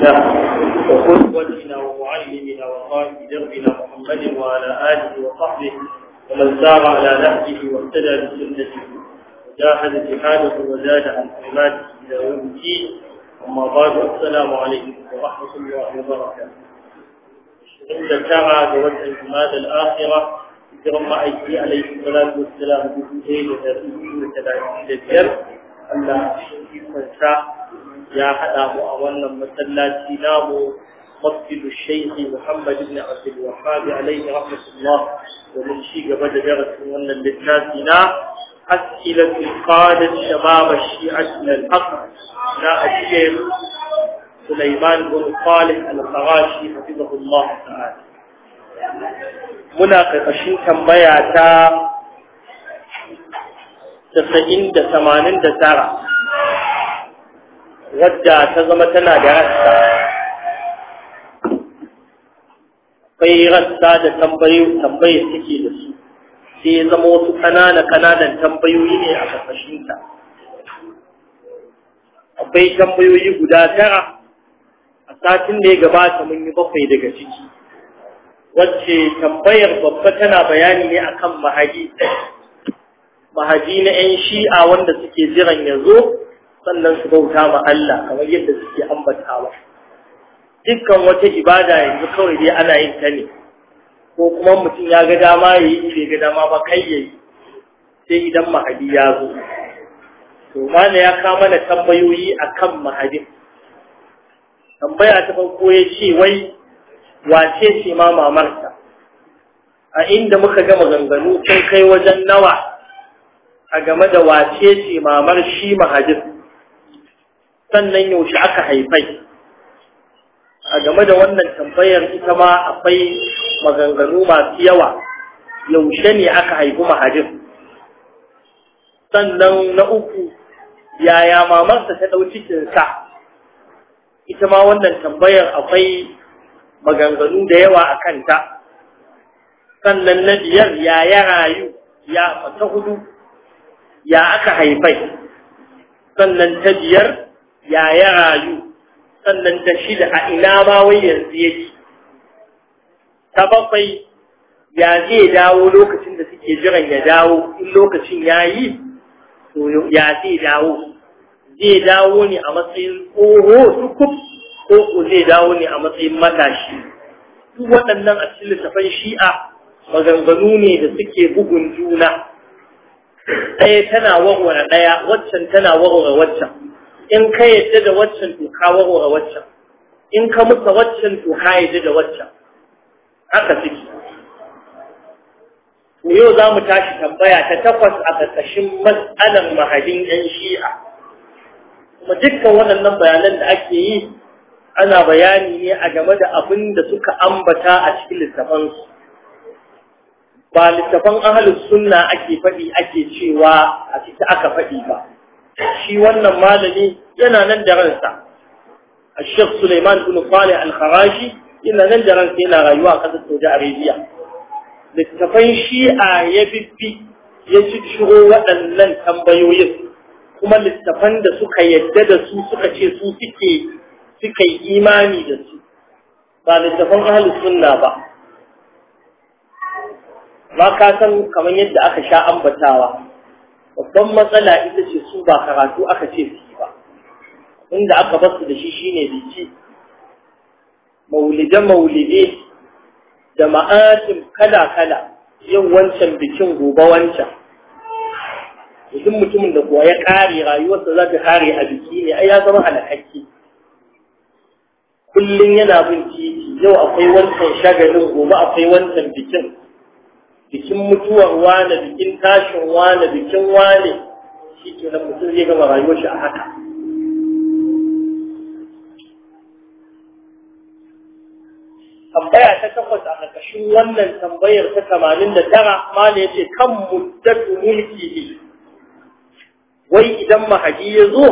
وقدوتنا ومعلمنا وقائد دربنا محمد وعلى آله وصحبه ومن سار على نهجه واهتدى بسنته وجاهد جهاده وزاد عن كلماته إلى يوم الدين أما بعد السلام عليكم ورحمة الله وبركاته. إن ساعة بوجه الجماد الآخرة جرم أيدي عليه الصلاة والسلام بوجهين وثلاثين وثلاثين للجر أن يكون شاء يا حدا مو اولنا مسلاتي نامو مسجد الشيخ محمد بن عبد الوهاب عليه رحمة الله ومن شيء قبل درس من الناس لا أسئلة قال الشباب الشيعة من الأقر لا أجيب سليمان بن صالح الفراشي حفظه الله تعالى مناقب أشين كم بيعتا تسعين دسمانين دسارة wadda ta zama tana da rassa akwai rassa da tambayi take da su sai ya zama wasu ƙanana ƙananan tambayoyi ne a ƙarƙashinta akwai tambayoyi guda tara a satin da ya gabata mun yi bakwai daga ciki wacce tambayar babba tana bayani ne akan mahaji mahaji na 'yan shi'a wanda suke jiran ya zo sannan su bauta ma Allah kamar yadda suke ba. dukkan wata ibada yanzu kawai dai ana yin ta ne ko kuma mutum ya ga dama ya yi bai ga dama ba kai ya yi sai idan mahadi ya zo to mana ya kama na tambayoyi a kan mahadin tambaya ta farko ya ce wai wace ce ma mamarsa a inda muka gama ganganu sun kai wajen nawa a game da wace ce mamar shi mahajin sannan yaushe aka haifai a game da wannan tambayar ita ma akwai maganganu masu yawa yaushe ne aka haifi mahajin sannan na uku yaya mamarsa ta ɗau cikinsa ita ma wannan tambayar akwai maganganu da yawa a kanta sannan na biyar ya ya rayu ya ta hudu ya aka haifai sannan ta biyar ya ya rayu sannan ta shida a ina ma wai yanzu yake ta bakwai ya zai dawo lokacin da suke jiran ya dawo in lokacin ya yi to ya zai dawo zai dawo ne a matsayin tsoho sukuf ko ko zai dawo ne a matsayin matashi duk waɗannan a cikin littafan shi'a maganganu ne da suke bugun juna ɗaya tana warware ɗaya waccan tana warware waccan in ka yadda da waccan to ka warware waccan in ka musa waccan to ka yadda da waccan haka suke to yau za mu tashi tambaya ta takwas a ƙarƙashin matsalar mahadin 'yan shi'a kuma dukkan waɗannan bayanan da ake yi ana bayani ne a game da abin da suka ambata a cikin littafansu ba littafan ahalus sunna ake faɗi ake cewa a ciki aka faɗi ba shi wannan malami yana nan da ransa الشيخ سليمان yana nan da ransa yana rayuwa a ƙasar Saudi Arabia. littafan shi'a ya bibbi ya ci shiro waɗannan tambayoyin kuma littafan da suka yadda da su suka ce su suke suka yi imani da su ba littafan ahalus sunna ba ba ka san kamar yadda aka sha ambatawa babban matsala ita ce ba karatu aka ce su yi ba inda aka basu da shi shine biki maulide maulide da ma'atin kala kala yin wancan bikin gobe wancan duk mutumin da kuwa ya kare rayuwarsa za ta kare a biki ne ai ya zama alhaki kullum yana bin titi yau akwai wancan shagalin gobe akwai wancan bikin bikin mutuwar wane bikin tashin wane bikin wane shi ke nan mutum zai gama rayuwar shi a haka tambaya ta takwas a ƙarƙashin wannan tambayar ta tamanin da tara ma ne ce kan muddatu mulki ne wai idan mahaji ya zo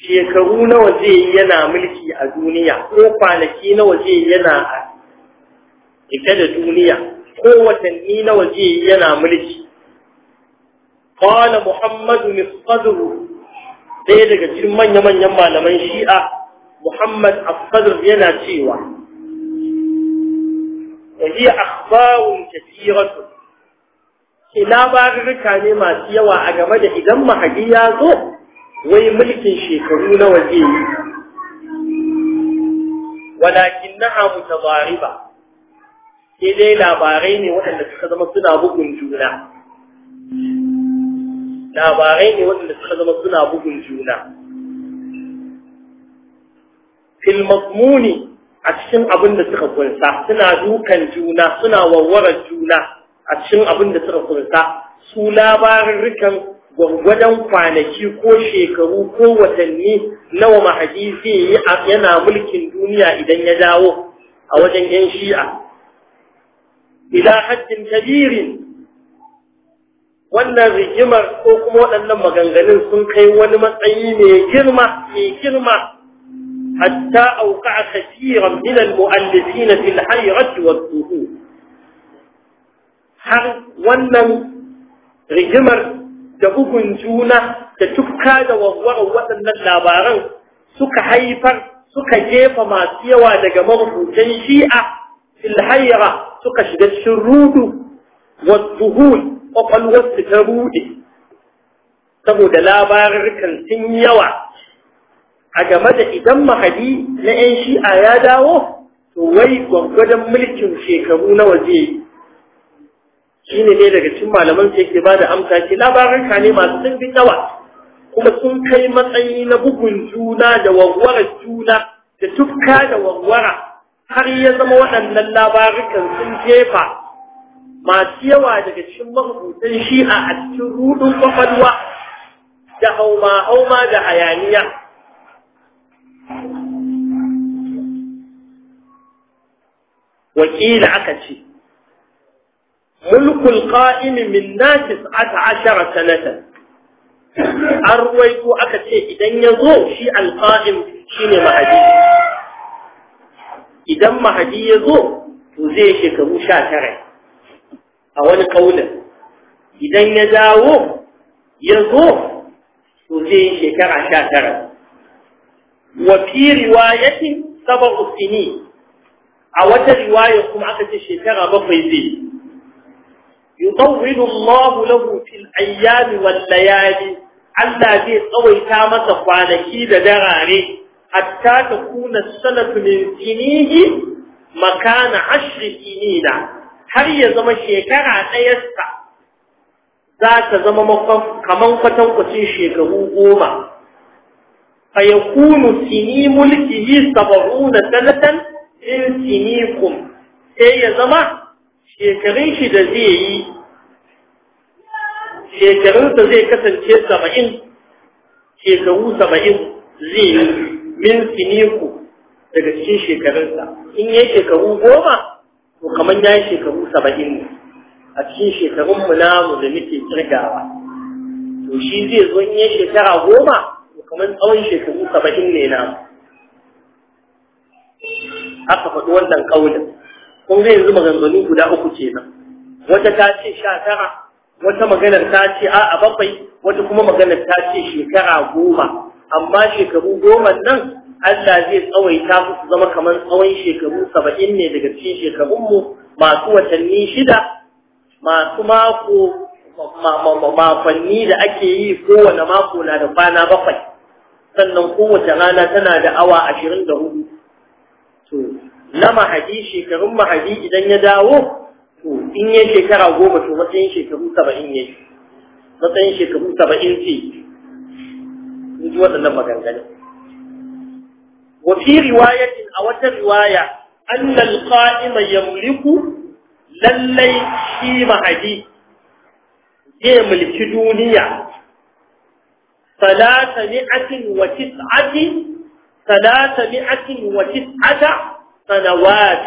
shekaru nawa zai yi yana mulki a duniya ko kwanaki nawa zai yi yana a ita da duniya ko watanni nawa zai yi yana mulki qala muhammadu misqadru ɗaya daga cikin manya-manyan malaman shi'a muhammad as-sadr yana cewa wa hiya akhbarun kathiratun ke ne masu yawa a game da idan mahadi ya zo wai mulkin shekaru nawa zai yi walakin naha ba. sai dai labarai ne waɗanda suka zama suna bugun juna labarai ne waɗanda suka zama suna bugun juna fil mazmuni a cikin abin da suka kunsa suna dukan juna suna warware juna a cikin abin da suka kunsa su labarin rikan gwangwadon kwanaki ko shekaru ko watanni nawa mahaji zai yi yana mulkin duniya idan ya dawo a wajen yan shi'a ila haddin kabirin wannan rigimar ko kuma waɗannan maganganun sun kai wani matsayi mai girma mai girma hatta auka a kasiran min al-mu'allifina fil har wannan rigimar da bugun juna da tukka da wawwarar waɗannan labaran suka haifar suka jefa masu yawa daga marubutan shi'a fil suka shiga cikin rudu والذهول kwakwalwarsu ta buɗe. saboda labarurkan sun yawa a game da idan mahadi na 'yan shi'a ya dawo to wai gwangwadon mulkin shekaru nawa zai yi shi ne daga cikin malaman sai ke ba amsa ce labarurka ne masu sun fi yawa kuma sun kai matsayi na bugun juna da warware juna da tukka da warwara har ya zama waɗannan labarukan sun jefa masu yawa daga cikin mahukutan shi'a a cikin rudun kwakwalwa da hauma-hauma da hayaniya wakila aka ce mulkul qa'imi min nasis ashara sanatan an ruwaito aka ce idan ya zo shi shi ne mahadi idan mahadi ya zo to zai shekaru sha tara a wani kaulin idan ya dawo ya zo to zai shekara sha tara wa riwayatin sab'u usini. a wata riwaya kuma aka ce shekara bakwai zai yutawwilu Allah lahu fil ayyami wal layali Allah zai tsawaita masa kwanaki da darare hatta kuna sanatu min sinihi makana ashri sinina har ya zama shekara ɗayarsa za ta zama kaman kwatankwacin shekaru goma fa kunu sini sabaru da sanatan in kum sai ya zama shekarun shi da zai yi shekarunsa zai kasance saba'in shekaru saba'in zai yi min siniku daga cikin shekarunsa in yi shekaru goma to kamar ya yi shekaru saba'in ne a cikin shekarun mu namu da muke kirgawa to shi zai zo in ya shekara goma to kamar tsawon shekaru saba'in ne namu aka faɗi wannan ƙaunin kun ga yanzu maganganu guda uku kenan wata ta ce sha tara wata maganar ta ce a a bakwai wata kuma maganar ta ce shekara goma amma shekaru goma nan Allah zai tsawaita su zama kamar tsawon shekaru saba'in ne daga cikin shekarunmu masu watanni shida masu mako makonni da ake yi kowane mako na da kwana bakwai sannan kowace rana tana da awa ashirin da hudu to na mahadi shekarun mahadi idan ya dawo to in ya shekara goma to matsayin shekaru saba'in ne matsayin shekaru saba'in ce in ji waɗannan maganganu wa fi a wata riwaya annal ya yamliku lallai shi mahadi zai mulki duniya ثلاث مئة وتسعة ثلاث مئة وتسعة سنوات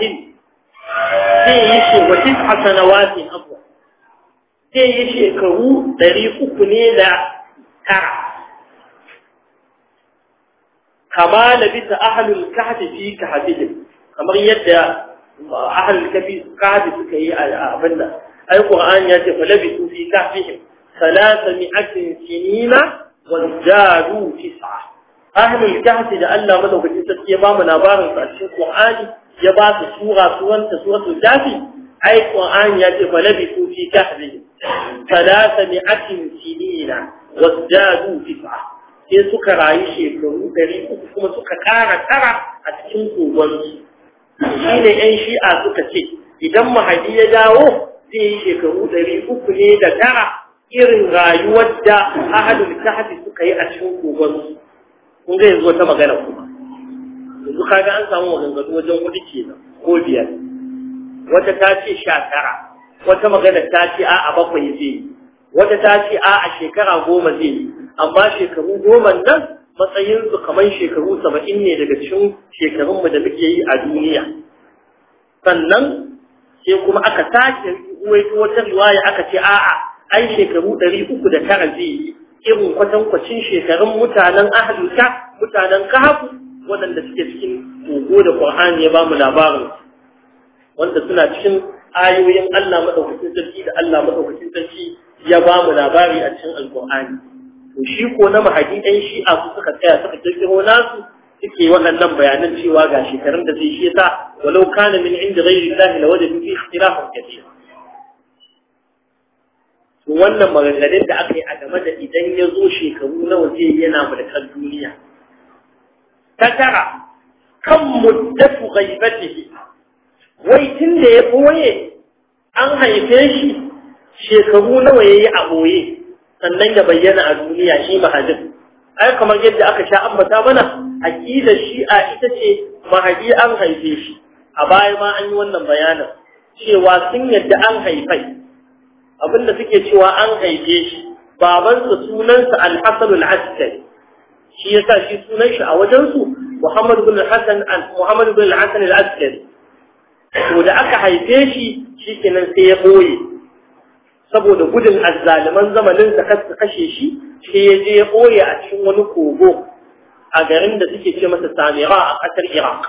وتسعة سنوات أفضل zai yi shekaru ɗari uku ne da tara kama bisa ahlul kahfi fi kahfihim kamar yadda ahlul kahfi kahfi suka yi a abin nan ai qur'ani ya ce labi labisu fi Salasa kahfihim salasami'atin sinina wa zadu tis'a ahlul kahfi da Allah madaukakin sarki ya ba mu labarin sa cikin qur'ani ya ba su sura suranta suratul kahfi ai An ya ce labi labisu fi Salasa kahfihim salasami'atin sinina wa zadu tis'a sai suka rayu shekaru ɗari uku kuma suka ƙara tara a cikin kogonsu shi ne 'yan shi'a suka ce idan mahadi ya dawo zai yi shekaru ɗari uku ne da tara irin rayuwar da ahadul kahfi suka yi a cikin kogonsu kun zai yanzu wata magana kuma yanzu kaga an samu maganganu wajen hudu kenan ko biyar wata ta ce sha tara wata magana ta ce a'a bakwai zai yi wata ta ce a'a shekara goma zai yi amma shekaru goma nan matsayinsu kamar shekaru saba'in ne daga cikin shekarunmu da muke yi a duniya sannan sai kuma aka sake ruwaito wata riwaya aka ce a'a ai shekaru ɗari uku da tara zai yi irin kwatankwacin shekarun mutanen ahaluta mutanen kahafu waɗanda suke cikin kogo da ƙur'ani ya bamu labarin wanda suna cikin ayoyin Allah maɗaukacin sarki da Allah maɗaukacin sarki ya bamu labari a cikin alƙur'ani to shi ko na mahadi ɗan shi'a su suka tsaya suka kirkiro nasu suke waɗannan bayanan cewa ga shekarun da zai shi yasa walau kana min inda yi Allah la wajen fi ikhtilafin kathir to wannan maganganun da aka yi a game da idan ya zo shekaru nawa zai yana mulkar duniya ta tara kan muddatu ghaibatihi wai tun da ya boye an haife shi shekaru nawa yayi a boye sannan ya bayyana a duniya shi mahadin ai kamar yadda aka sha ambata mana aqidar shi'a ita ce mahadi an haife shi a baya ma an yi wannan bayanin cewa sun yadda an haifai abinda suke cewa an haife shi babansa sunansa al-hasan al-askari shi yasa shi sunan shi a wajen su Muhammad ibn al-Hasan Muhammad ibn al-Hasan al-Askari to da aka haife shi shikenan sai ya boye saboda gudun azzaliman zamanin da kasu kashe shi sai ya je ya ɓoye a cikin wani kogo a garin da suke ce masa samira a ƙasar iraq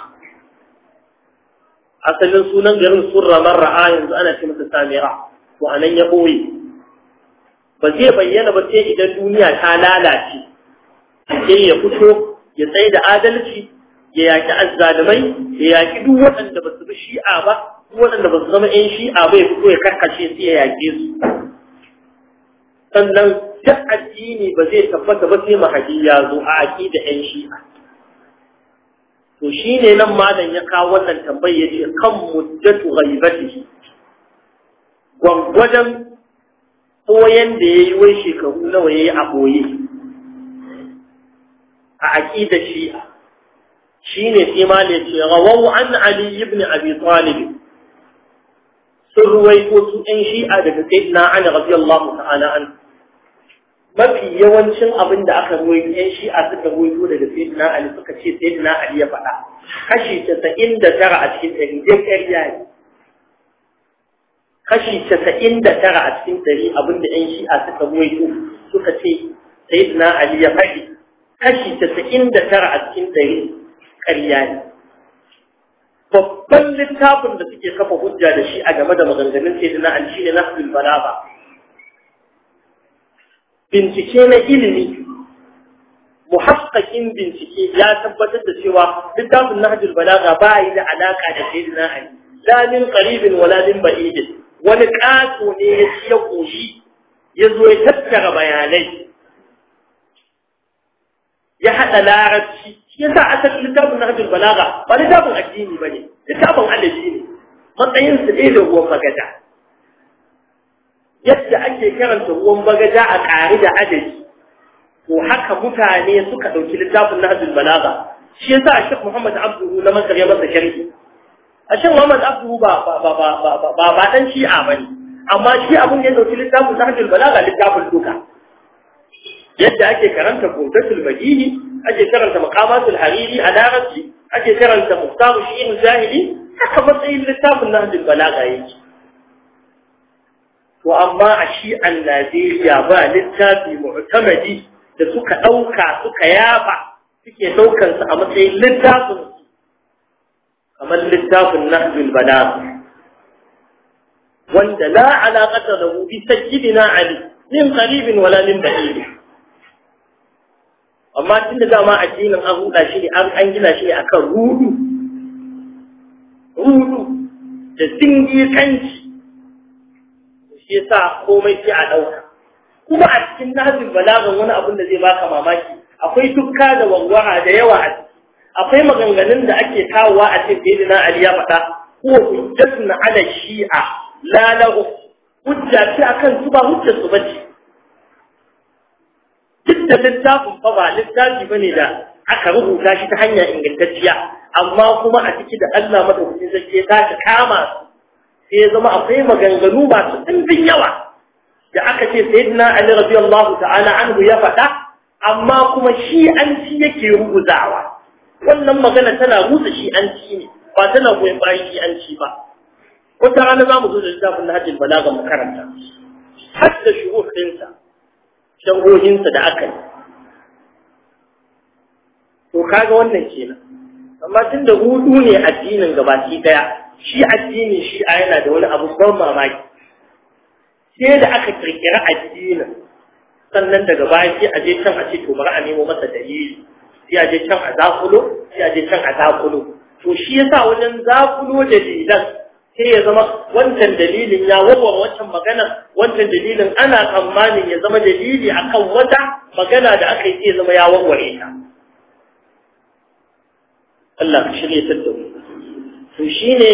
asalin sunan garin sun ramar ra'a yanzu ana ce masa samira to a ya ɓoye ba zai bayyana ba sai idan duniya ta lalace sai ya fito ya tsaye da adalci ya yaƙi azzalumai ya yaƙi duk waɗanda ba su bi shi'a ba waɗanda ba su zama ‘yan shi'a bai fito ya karkashe su ya yage su sannan ta addini ba zai tabbata ba sai mahaji ya zo a aki da ‘yan shi'a to shi ne nan malam ya kawo wannan tambayar ya ce kan muddatu ghaibati gwangwajen koyan da ya yi wai shekaru nawa ya yi a ɓoye a aƙidar shi'a shi ne sai ma ne ce rawau an ali ibn abi talib sun ruwaito su ɗan shi'a daga sayyidina Ali radiyallahu ta'ala an mafi yawancin abin da aka ruwaito ɗan shi'a suka ruwaiko daga na Ali suka ce sayyidina Ali ya faɗa kashi 99 a cikin ɗari dai ƙarya ne kashi 99 a cikin ɗari abin da ɗan shi'a suka ruwaiko suka ce sayyidina Ali ya faɗi kashi 99 a cikin ɗari ƙarya ne babban littafin da suke kafa hujja da shi a game da maganganun sai na an shine nahjul bincike na ilimi muhaqqiqin bincike ya tabbatar da cewa littafin nahjul balagha ba yi da alaka da sayyidina ali la min qaribin wala min ba'id wani ƙato ne ya ci ya koshi ya zo ya tattara bayanai ya hada larabci yasa asal littafin na balaga ba littafin addini ba ne littafin alaji ne matsayin su ɗaya da ruwan bagaja yadda ake karanta ruwan bagaja a ƙari da adadi ko haka mutane suka ɗauki littafin na hajjul balaga shi ya sa a shek Muhammadu abduhu na masar ya masa sharhi a shek Muhammadu abduhu ba ba ɗan shi'a ba ne amma shi abun ya ɗauki littafin na hajjul balaga littafin duka yadda ake karanta kotatul madini ake karanta maqamatul hariri a darasi, ake karanta muqtamu shi'in zahiri haka matsayin littafin nahjul balaga yake to amma a shi'an Najeriya ba littafi mu'tamadi da suka ɗauka, suka yafa suke daukar su a matsayin littafin kamar littafin nahjul balaga wanda la alaqata lahu bi sayyidina ali min qaribin wala min ba'id amma tun da dama addinin an huda shi ne an gina shi ne akan rudu rudu da kanci shi yasa komai sai a dauka kuma a cikin nazin balagan wani abun da zai baka mamaki akwai dukka da wangwara da yawa a ciki akwai maganganun da ake kawowa a cikin na ali ya faɗa ko hujjatun ala shi'a la a hujja ce akan su ba hujjar su bace duk da littafin fa ba littafi bane da aka rubuta shi ta hanya ingantacciya amma kuma a ciki da Allah madaukakin sarki ya tashi kama sai ya zama akwai maganganu masu ɗimbin yawa da aka ce sayyidina Ali radiyallahu ta'ala anhu ya faɗa amma kuma shi an ci yake rubuzawa wannan magana tana rusa shi an ci ne ba tana goyon bayan shi an ci ba wata rana za mu zo da littafin Nahjul Bala mu karanta har da shuhur ɗinsa shagohinsa da aka yi to kaga wannan kenan amma tun da hudu ne addinin gabaki daya shi addini shi a yana da wani abu ban mamaki sai da aka kirkira addinin sannan daga baya sai a je can a ce to bari a nemo masa dalili sai a je can a zakulo sai a je can a zakulo to shi yasa wajen zakulo dalilan sai ya zama wancan dalilin ya warware wancan magana wancan dalilin ana tsammanin ya zama dalili kan wata magana da aka yi sai ya zama ya warware ta Allah ka shirya ta da mu to shine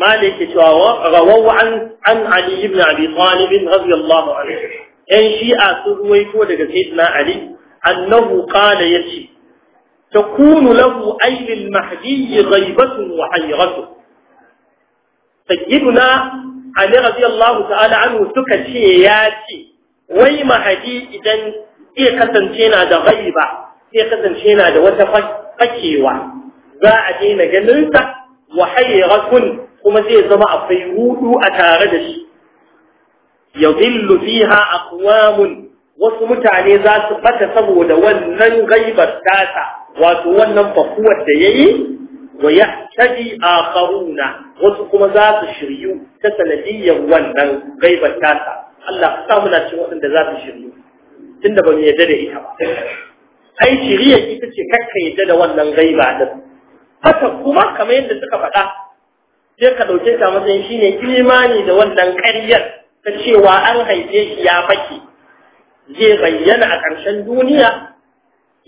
malik cewa rawawu an an ali ibn abi talib radiyallahu anhu yan shi'a sun ruwaito daga sayyidina ali annahu qala yace takunu lahu ayyul mahdi ghaibatu wa hayratu sayyiduna ali radiyallahu ta'ala anhu suka ce ya ce wai mahadi idan zai kasance na da ghaiba zai kasance na da wata fakewa za'a daina ganin sa wa hayratun kuma zai zama akwai hudu a tare da shi yadhillu a aqwamun wasu mutane za su ɓata saboda wannan gaibar tasa wato wannan fakuwar da yayi wa a akharuna wasu kuma za su shiryu ta sanadiyyar wannan gaibar tasa Allah ka samu na waɗanda za su shiryu tunda ba mu yarda da ita ba ai shiriyar ita ce kakka yarda da wannan gaiba din haka kuma kamar yadda suka faɗa sai ka ɗauke ta matsayin shine imani da wannan ƙaryar ta cewa an haife shi ya fake zai bayyana a ƙarshen duniya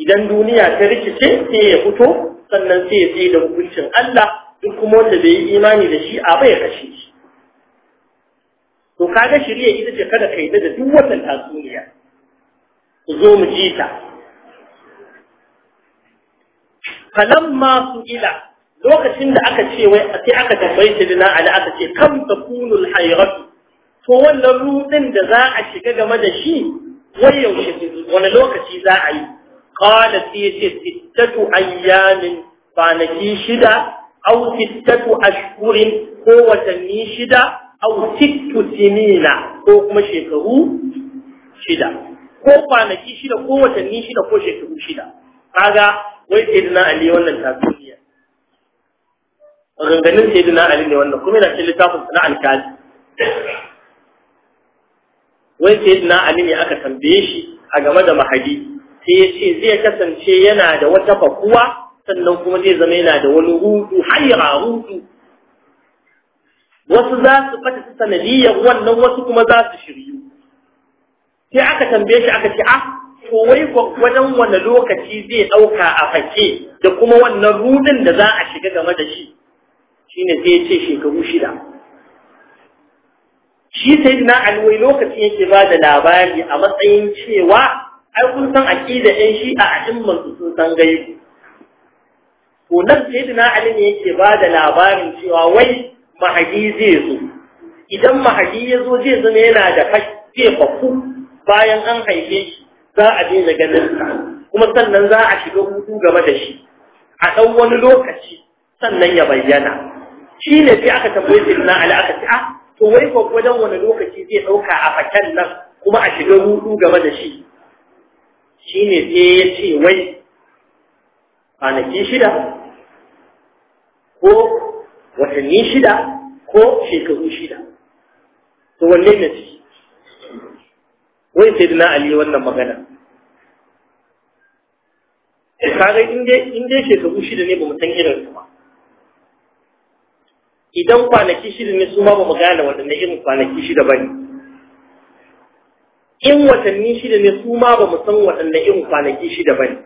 idan duniya ta rikice sai ya fito sannan sai ya tsaye da hukuncin Allah duk kuma wanda bai yi imani da shi a bai kashe shi to kaga shirya ita ce kada kai da duk wannan tatsuniyar? ku zo mu ji ta falamma su ila lokacin da aka ce wai sai aka tambaye shi dina ala aka ce kam takunul hayratu to wannan rudin da za a shiga game da shi wai yaushe wani lokaci za a yi kala sai ce sittatu ayyamin kwanaki shida au sittatu ashhurin ko watanni shida au sittu sinina ko kuma shekaru shida ko kwanaki shida ko watanni shida ko shekaru shida kaga wai dina ali wannan tasiriya maganganun dina ali ne wannan kuma yana cikin littafin sana alkali wai dina ali ne aka tambaye shi a game da mahadi sai ya ce zai kasance yana da wata fakuwa sannan kuma zai zama yana da wani hudu haira hudu wasu za su fata su sanadiyyar wannan wasu kuma za su shiryu sai aka tambaye shi aka ce ah to wai wajen wani lokaci zai ɗauka a fake da kuma wannan rudin da za a shiga game da shi shine sai ya ce shekaru shida shi sai na alwai lokacin yake ba da labari a matsayin cewa ai kun san aqida ɗin shi a imman su sun san gaibu to nan sai ali ne yake ba da labarin cewa wai mahadi zai zo idan mahadi ya zo zai zama yana da fashe fafu bayan an haife shi za a ganin sa kuma sannan za a shiga hutu game da shi a ɗan wani lokaci sannan ya bayyana shi ne sai aka tambaye na ali aka ce ah to wai ko wajen wani lokaci zai ɗauka a fakan nan kuma a shiga hutu game da shi shi ne sai ya ce wai kwanaki shida ko watanni shida ko shekaru shida to wanne na ce? wai sai dina ali wannan magana kaga in dai shekaru shida ne ba mu san irin su ba idan kwanaki shida ne su ma ba mu gane waɗanne irin kwanaki shida ba ne in watanni shida ne su ma ba mu san waɗanda in kwanaki shida ba ne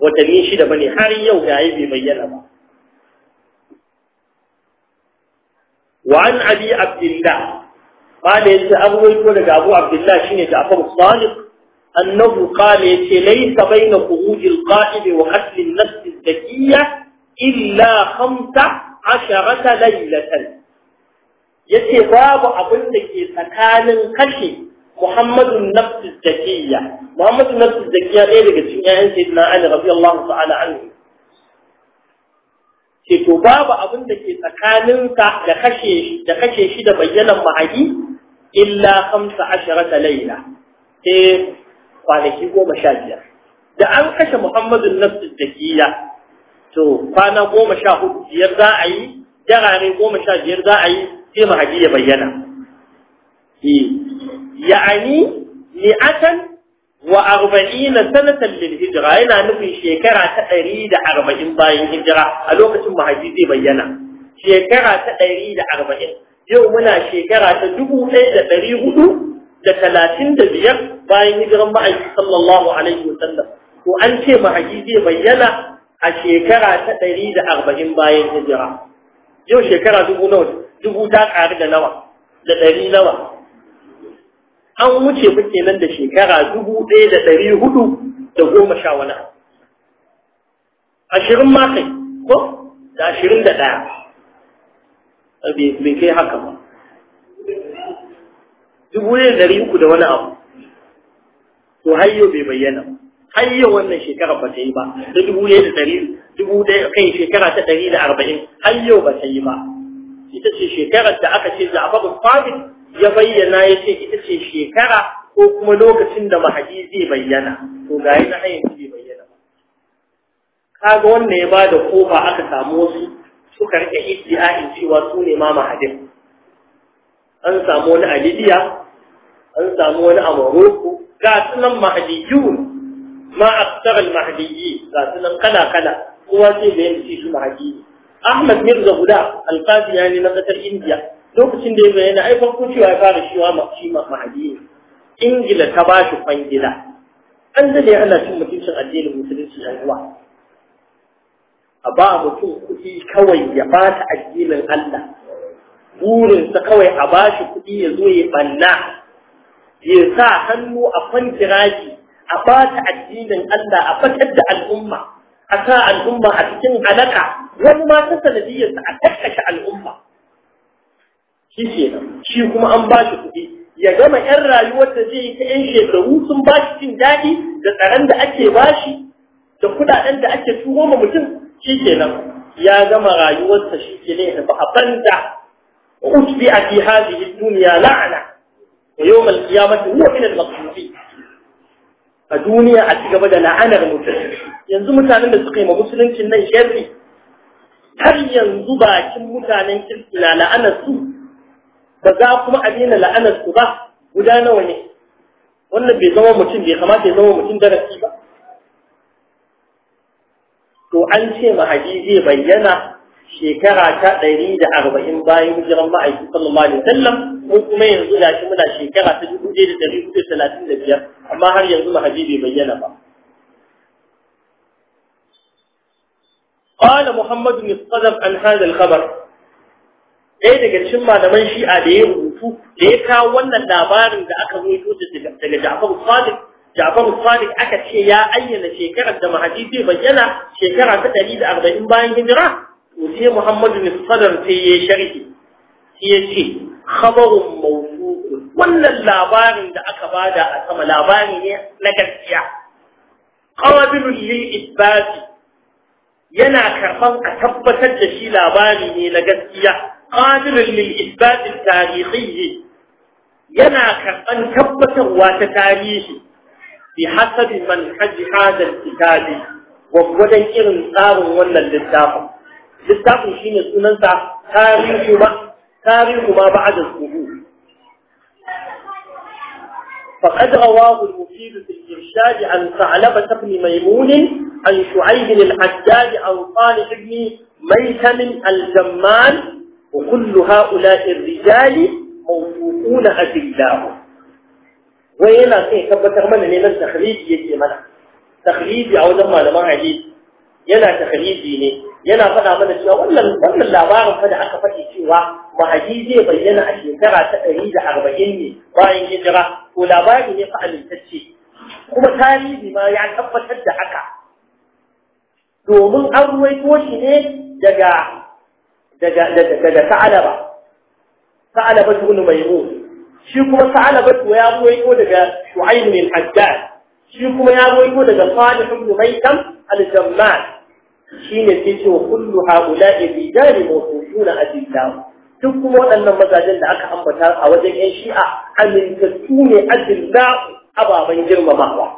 watanni shida ba ne har yau ga yi bai bayyana ba wa an abi ba da yace abu ko daga abu abdullah shine ja'far salih annahu qala yace laysa baina khuruj al-qa'id wa qatl an-nafs al-zakiyya illa 15 laylatan yace babu abin da ke tsakanin kashe Muhammadu Nafsu Zakiya Muhammadu Nafsu Zakiya ɗaya daga cikin ƴaƴan Sayyidina Ali radiyallahu ta'ala anhu ce to babu abin da ke tsakaninsa da kashe shi da kashe shi da bayyanan mahadi illa 15 laila sai kwanaki goma sha biyar da an kashe Muhammadu Nafsu Zakiya to kwana goma sha hudu biyar za a yi jarare goma sha biyar za a yi sai mahadi ya bayyana eh. ya'ani mi'atan wa arba'ina sanatan lil yana nufin shekara ta ɗari da arba'in bayan hijira a lokacin mahaji zai bayyana shekara ta ɗari da arba'in yau muna shekara ta dubu ɗaya da ɗari hudu da talatin da biyar bayan hijiran ma'aiki sallallahu alaihi sallam. Ko an ce mahaji zai bayyana a shekara ta ɗari da arba'in bayan hijira yau shekara dubu nawa dubu ta ƙari da nawa da ɗari nawa an wuce fa kenan da shekara dubu ɗaya da ɗari hudu da goma sha wani ashirin ma ko da ashirin da ɗaya bai kai haka ba dubu ɗaya da ɗari uku da wani abu to har bai bayyana har wannan shekara ba ta yi ba da dubu ɗaya da ɗari dubu ɗaya kai shekara ta ɗari da arba'in har ba ta yi ba ita ce shekarar da aka ce za a faɗin ya bayyana ya ce ita ce shekara ko kuma lokacin da mahadi zai bayyana to ga yi na hanyar zai bayyana ba kaga wanda ya bada kofa aka samu wasu suka rike in cewa su ne ma mahadin an samu wani a Libya an samu wani a Morocco ga sunan mahadiyun ma aktar al ga sunan kala kala kowa sai da shi su mahadi Ahmad Mirza Huda ya ne na ƙasar India lokacin da ya bayyana ai farko ya fara shiwa wa shi ne ingila ta ba shi kwangila an dade ana cin mutuncin addinin musulunci a zuwa. a ba a mutum kuɗi kawai ya ba ta addinin Allah burinsa kawai a ba shi kuɗi ya zo ya ɓanna. ya sa hannu a kwantiraji a ba ta addinin Allah a fatar da al'umma a sa al'umma a cikin alaka wani ma ta sanadiyyarsa a tattaka al'umma shi kenan shi kuma an ba shi kuɗi ya gama yan rayuwar da zai yi ta yan shekaru sun ba shi jin daɗi da tsaron da ake ba shi da kuɗaɗen da ake turo ma mutum shi kenan ya gama rayuwarsa shi kenan ba a banza أتبع في هذه الدنيا لعنة ويوم القيامة هو من المقصودين a duniya a ci gaba da la'anar mutum yanzu mutanen da suka yi musuluncin nan sharri har yanzu bakin mutanen kirki na la'anar su ba za kuma a daina la'anar su ba guda nawa ne wannan bai zama mutum bai kamata ya zama mutum darasi ba to an ce ma zai bayyana shekara ta ɗari da arba'in bayan hijiran ma'aiki sallallahu alaihi wasallam ko kuma yanzu da shi muna shekara ta dubu ɗaya da ɗari hudu talatin da biyar amma har yanzu mahadi bai bayyana ba قال محمد بن الصدف عن هذا الخبر ɗaya daga cikin malaman shi'a da ya rubutu da ya kawo wannan labarin da aka rubuto daga Ja'far Sadiq Ja'far Sadiq aka ce ya ayyana shekarar da Mahdi zai bayyana shekara ta 140 bayan hijira to sai Muhammadu bin Sadar sai ya sharhi sai ya ce khabarun mawdu'un wannan labarin da aka bada a sama labari ne na gaskiya qawabilul lil isbati yana karban ka tabbatar da shi labari ne na gaskiya قادر للإثبات التاريخي يناك أن تبت وتتاريخ بحسب منهج هذا الكتاب وقدن إرن صار ولا للتاب للتاب شين سننسى تاريخ ما تاريخ ما بعد الظهور فقد رواه المفيد في الإرشاد عن ثعلبة بن ميمون عن شعيب الحجاج عن صالح بن ميتم الجمال وكل هؤلاء الرجال موثوقون أجلاهم وينا سين tabbatar mana ne nan takhriji yake mana takhriji a wajen malaman hadisi yana takhriji ne yana faɗa mana cewa wannan labarin fada aka faɗi cewa mahadi zai bayyana a shekara ta ɗari da arba'in ne bayan hijira ko labari ne fa kuma tarihi ma ya tabbatar da haka domin an ruwaito shi ne daga daga sa'alaba sa'alaba mai maimun shi kuma sa'alaba ya goyo daga shu'aib bin shi kuma ya goyo daga salih ibn maitam al-jammal shine sai ce wa kullu haula'i rijal mawsufuna adillah duk kuma waɗannan mazajen da aka ambata a wajen yan shi'a amintattu ne adillah ababen girmamawa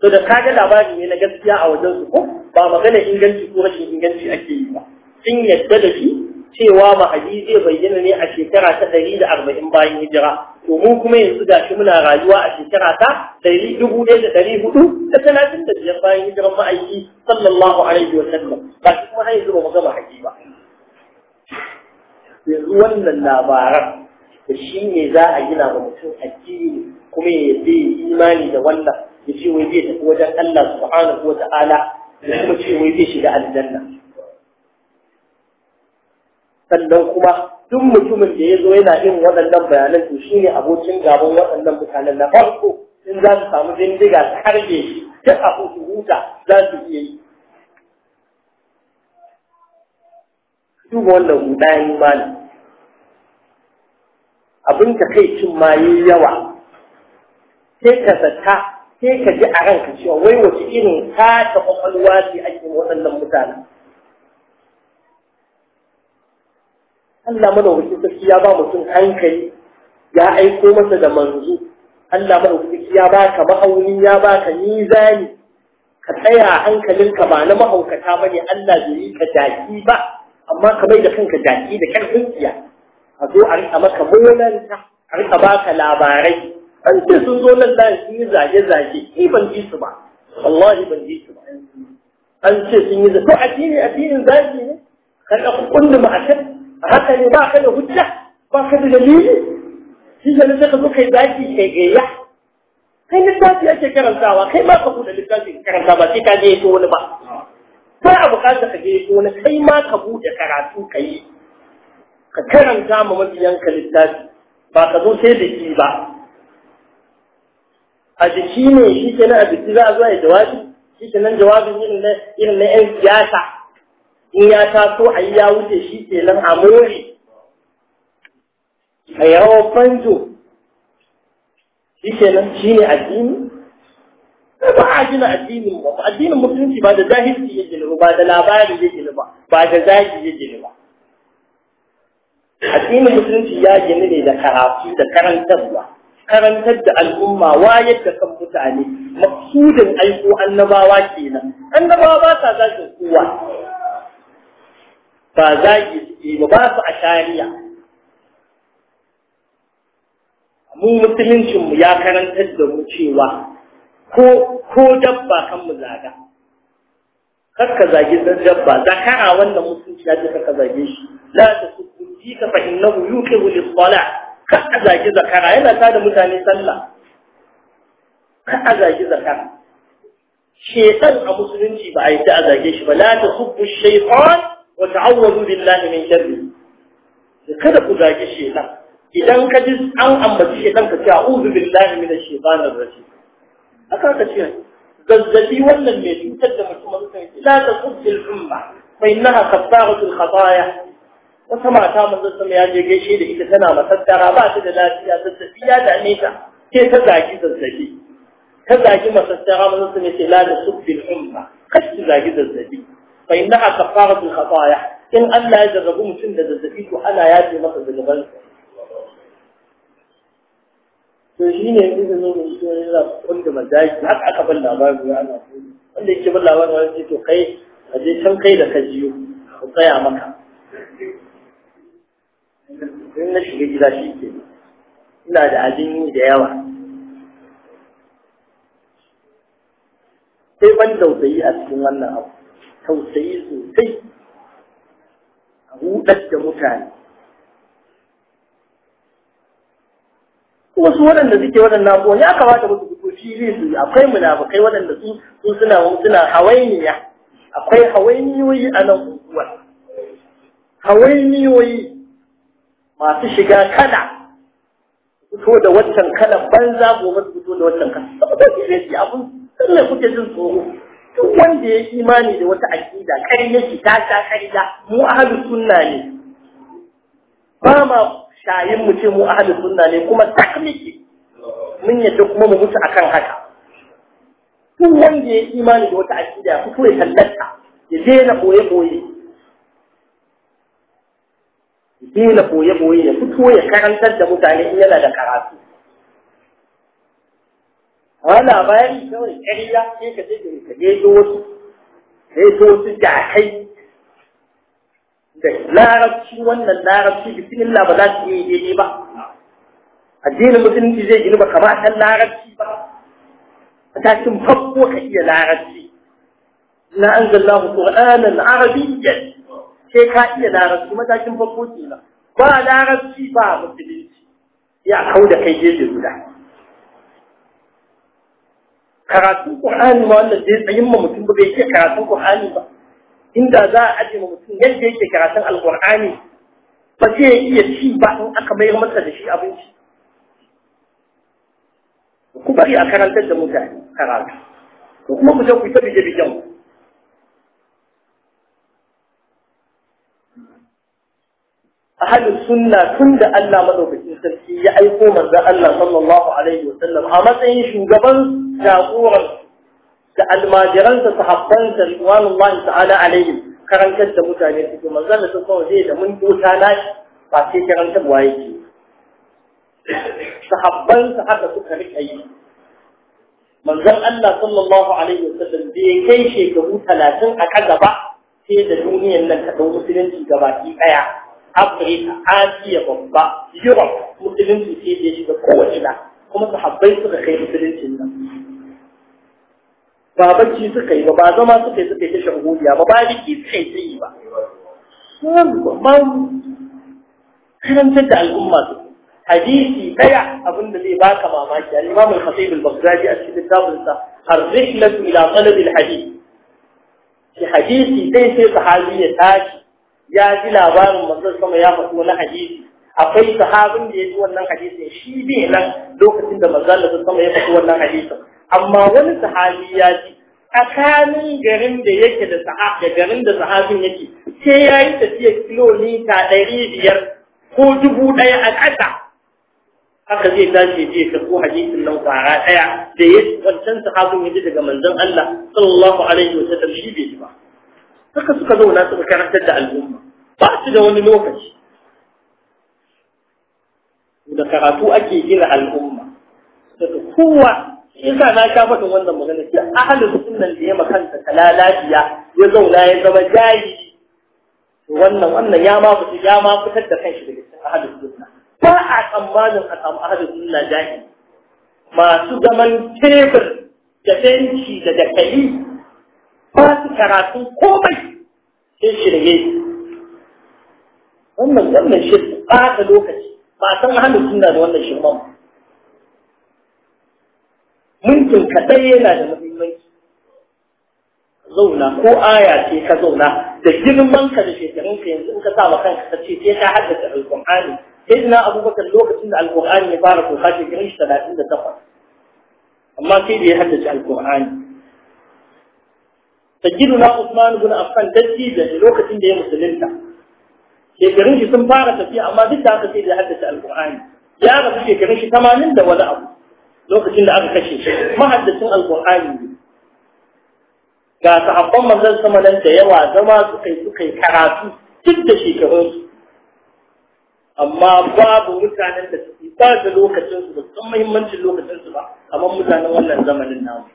to da kaga labari ne na gaskiya a wajen su ko ba magana inganci ko rashin inganci ake yi ba sun yadda da shi cewa mahadi zai bayyana ne a shekara ta ɗari da arba'in bayan hijira to mu kuma yanzu gashi muna rayuwa a shekara ta ɗari dubu ɗaya da ɗari hudu da talatin da biyar bayan hijiran ma'aiki sallallahu alaihi wa sallam ba shi kuma har yanzu ba mu ga mahadi ba yanzu wannan labaran da shi ne za a gina wa mutum addini kuma ya yi imani da wannan ya ce wai zai tafi wajen Allah subhanahu wa ta'ala da kuma ce wai zai shiga aljanna sannan kuma duk mutumin da ya zo yana yin waɗannan bayanan to shi ne abokin gaban waɗannan mutanen na farko in za su samu bindiga ta harbe shi duk abu su huta za su iya yi duba wannan yi mani. abin ka kai cin ma yi yawa sai ka zata sai ka ji a ranka cewa wai wace irin ta ta kwakwalwa ce ake waɗannan mutanen Allah madaukakin sarki ya ba mutum hankali ya aiko masa da manzo Allah madaukakin sarki ya ba ka ma'auni ya ba ka mizani ka tsaya a hankalinka ba na mahaukata ba ne Allah bai yi ka jaki ba amma ka bai da kanka jaki da karfin tsiya a zo a rika maka molanta a rika baka labarai an ce sun zo nan da sun yi zage-zage ni ban ji su ba wallahi ban ji su ba an ce sun yi zage to a addinin zagi ne ka ɗauki kundin ma'akan haka ne ba ka da hujja ba ka da dalili shi da nan ka zo kai zaki kai gayya kai littafi ake karantawa kai ma ka bude littafi karanta ba sai ka je ya wani ba sai a buƙatar ka je ya wani kai ma ka bude karatu ka yi ka karanta ma mabiyanka littafi ba ka zo sai da shi ba a jiki ne shi kenan a jiki za a zo a yi jawabi shi kenan jawabin irin na yan siyasa in ya taso ayi ya wuce shi ke nan a mori a yawon fanjo shi ke shi ne addini ba a gina addinin ba addinin mutunci ba da zahirci ya gina ba da labari ya gina ba ba da zagi ya gina ba addinin mutunci ya gina ne da karatu da karantarwa karantar da al'umma wayar da kan mutane maksudin aiko annabawa kenan annabawa ba sa zashin kowa ba zagi yi ba ba su a shari'a mu mu ya karanta da mu cewa ko dabba kan mu zaga kakka zagi dan dabba zakara wannan mutunci ya ji kakka zage shi la ta kunti ka fa innahu yuqiru lis-salah kakka zagi zakara yana ta da mutane sallah kakka zagi zakara shedan a musulunci ba a yi ta zage shi ba la ta subbu shaytan wa ta'awwazu billahi min sharri kada ku zagi shedan idan ka ji an ambaci shedan ka ce a'udhu billahi minash shaitanir rajim haka ka ce zazzabi wannan mai cutar da mutum mutum la taqbil umma fa innaha qatta'atul khataaya wata mata manzon sama ya je gaishe da ita tana masaddara ba ta da lafiya zazzabi ya dame ta sai ta zagi zazzabi ta zagi masassara manzon sama ya ce la taqbil umma kashi zagi zazzabi fa innaha kafaratul khataaya in Allah ya jarrabu mutum da zazzabi to ana yaje masa zunuban to shine in da zo mutum ya za kunda majaji haka aka bar labarin ya ana wanda yake bar labarin wani ce to kai a je can kai da ka jiyo ku tsaya maka in na shiga gida ke ina da abin yi da yawa sai ban dausayi a cikin wannan abu tausayi sosai a hudar da mutane wasu waɗanda suke waɗannan abubuwan ya kamata musu shi fili su akwai munafukai waɗanda su su suna suna hawainiya akwai hawainiyoyi a nan unguwar hawainiyoyi masu shiga kala fito da waccan kalan banza gobe su fito da waccan kala saboda su abun sun ne kuke jin tsoro duk wanda ya imani da wata aqida ƙarya shi ta ta ƙarya mu ahlus sunna ne ba ma shayin mu ce mu ahlus sunna ne kuma takmiki mun yadda kuma mu mutu akan haka duk wanda ya imani da wata aqida ya fito ya tallata ya daina boye boye ya daina boye boye ya fito ya karantar da mutane in yana da karatu a labari kawai ƙarya sai ka je ka gaido wasu gaido wasu jakai da larabci wannan larabci bismillah ba za su yi daidai ba addinin musulunci zai gini ba kamar ɗan larabci ba matakin farko ka iya larabci na an zalla ku ƙur'anin arabiyyar sai ka iya larabci matakin farko kenan ba larabci ba musulunci ya kau da kai gefe guda karatun Qur'ani ma wanda zai tsayin ma mutum ba bai ce karatun Qur'ani ba inda za a aje ma mutum yadda yake karatun Al-Qur'ani ba zai iya ci ba in aka mayar masa da shi abinci ku bari a karantar da mutane karatu ko kuma ku je ku ta bige bigen ahalin sunna tun da Allah madaukakin sarki ya aiko manzon Allah sallallahu alaihi wasallam a matsayin shugaban jagoran da sahabban sa ridwanullahi ta'ala alaihim karantar da mutane su to manzon da sallallahu alaihi da mun dota na ba sai ke sahabban sa haka suka rika yi manzon Allah sallallahu alaihi wasallam bai kai shekaru 30 a kaga ba sai da duniyar nan ta dau musulunci gabaki daya Afirka, Asiya babba, Europe, musulunci sai da shiga kowace da kuma sahabbai suka kai musuluncin nan. ba bacci suka yi ba ba zama suka yi suka yi ta shahudiya ba ba biki suka yi ta yi ba ma karantar da al'umma su hadisi daya abin da zai baka mamaki a imam al-khatib al-baghdadi a cikin kitabun sa ar-rihlatu ila talab al-hadith hadisi dai sai sahabi ya tashi ya ji labarin manzon sama ya faɗi wani hadisi akwai sahabin da ya ji wannan hadisin shi bai nan lokacin da manzon sama ya faɗi wannan hadisin amma wani sahabi ya ji tsakanin garin da yake da sahabi garin da sahabin yake sai ya yi tafiya kilomita ɗari biyar ko dubu ɗaya a ƙasa haka zai tashi je ka ko hadisin nan kwara ɗaya da ya wancan sahabin ya ji daga manzon Allah sallallahu alaihi wa sallam shi bai ji ba haka suka zauna suka karantar da al'umma ba su da wani lokaci da karatu ake gina al'umma daga kowa yasa na sha fata wannan magana duk ahalin sunan da ya makanta ta lalafiya ya zauna ya zama jayi wannan wannan ya ma fita ya ma fitar da kanshi daga cikin ahalin sunna ba a tsammanin a samu ahalin sunna jayi masu zaman tebur da fenci, da dakali ba su karatun komai sai shirye wannan wannan shi ba ta lokaci ba san ahalin sunna da wannan shirman ba mintin kaɗai yana da muhimmanci zauna ko aya ce ka zauna da girman ka da shekarun ka yanzu in ka sa kanka ka ce sai ka haddace alƙur'ani sai ina abubakar lokacin da alƙur'ani ya fara kuka shekarun shi talatin da takwas amma sai da ya haddace alƙur'ani na usman ibn affan dattijo da lokacin da ya musulunta shekarun shi sun fara tafiya amma duk da haka sai da ya haddace alƙur'ani ya rasu shekarun shi tamanin da wani abu lokacin da aka kashe shi mahaddacin alqur'ani ne ga sahabban manzon sama nan da yawa zama suka yi suka yi karatu duk da shekarun su amma babu mutanen da suke ba da lokacin su san muhimmancin lokacin su ba kamar mutanen wannan zamanin namu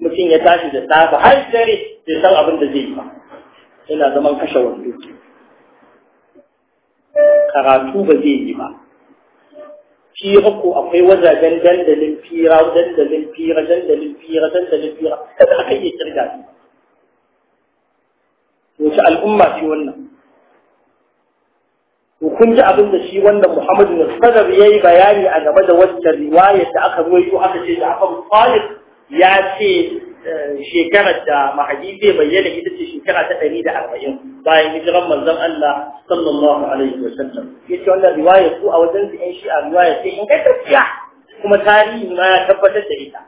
mutum ya tashi da tsafa har dare bai san abin da zai yi ba yana zaman kashe wando karatu ba zai yi ba fira ko akwai wajajen dandalin fira dandalin fira dandalin fira dandalin fira kada aka iya kirga su wace al'umma ce wannan to kun ji abin da shi wannan Muhammadu ya yayi bayani a game da wacce riwaya da aka ruwaito aka ce da aka ya ce shekarar da mahadi zai bayyana ita ce shekara ta ɗari da arba'in bayan hijiran manzon Allah sallallahu alaihi wa sallam yace wannan riwaya ku a wajen su ƴan shi'a riwaya ce in kai tafiya kuma tarihi ma ya tabbatar da ita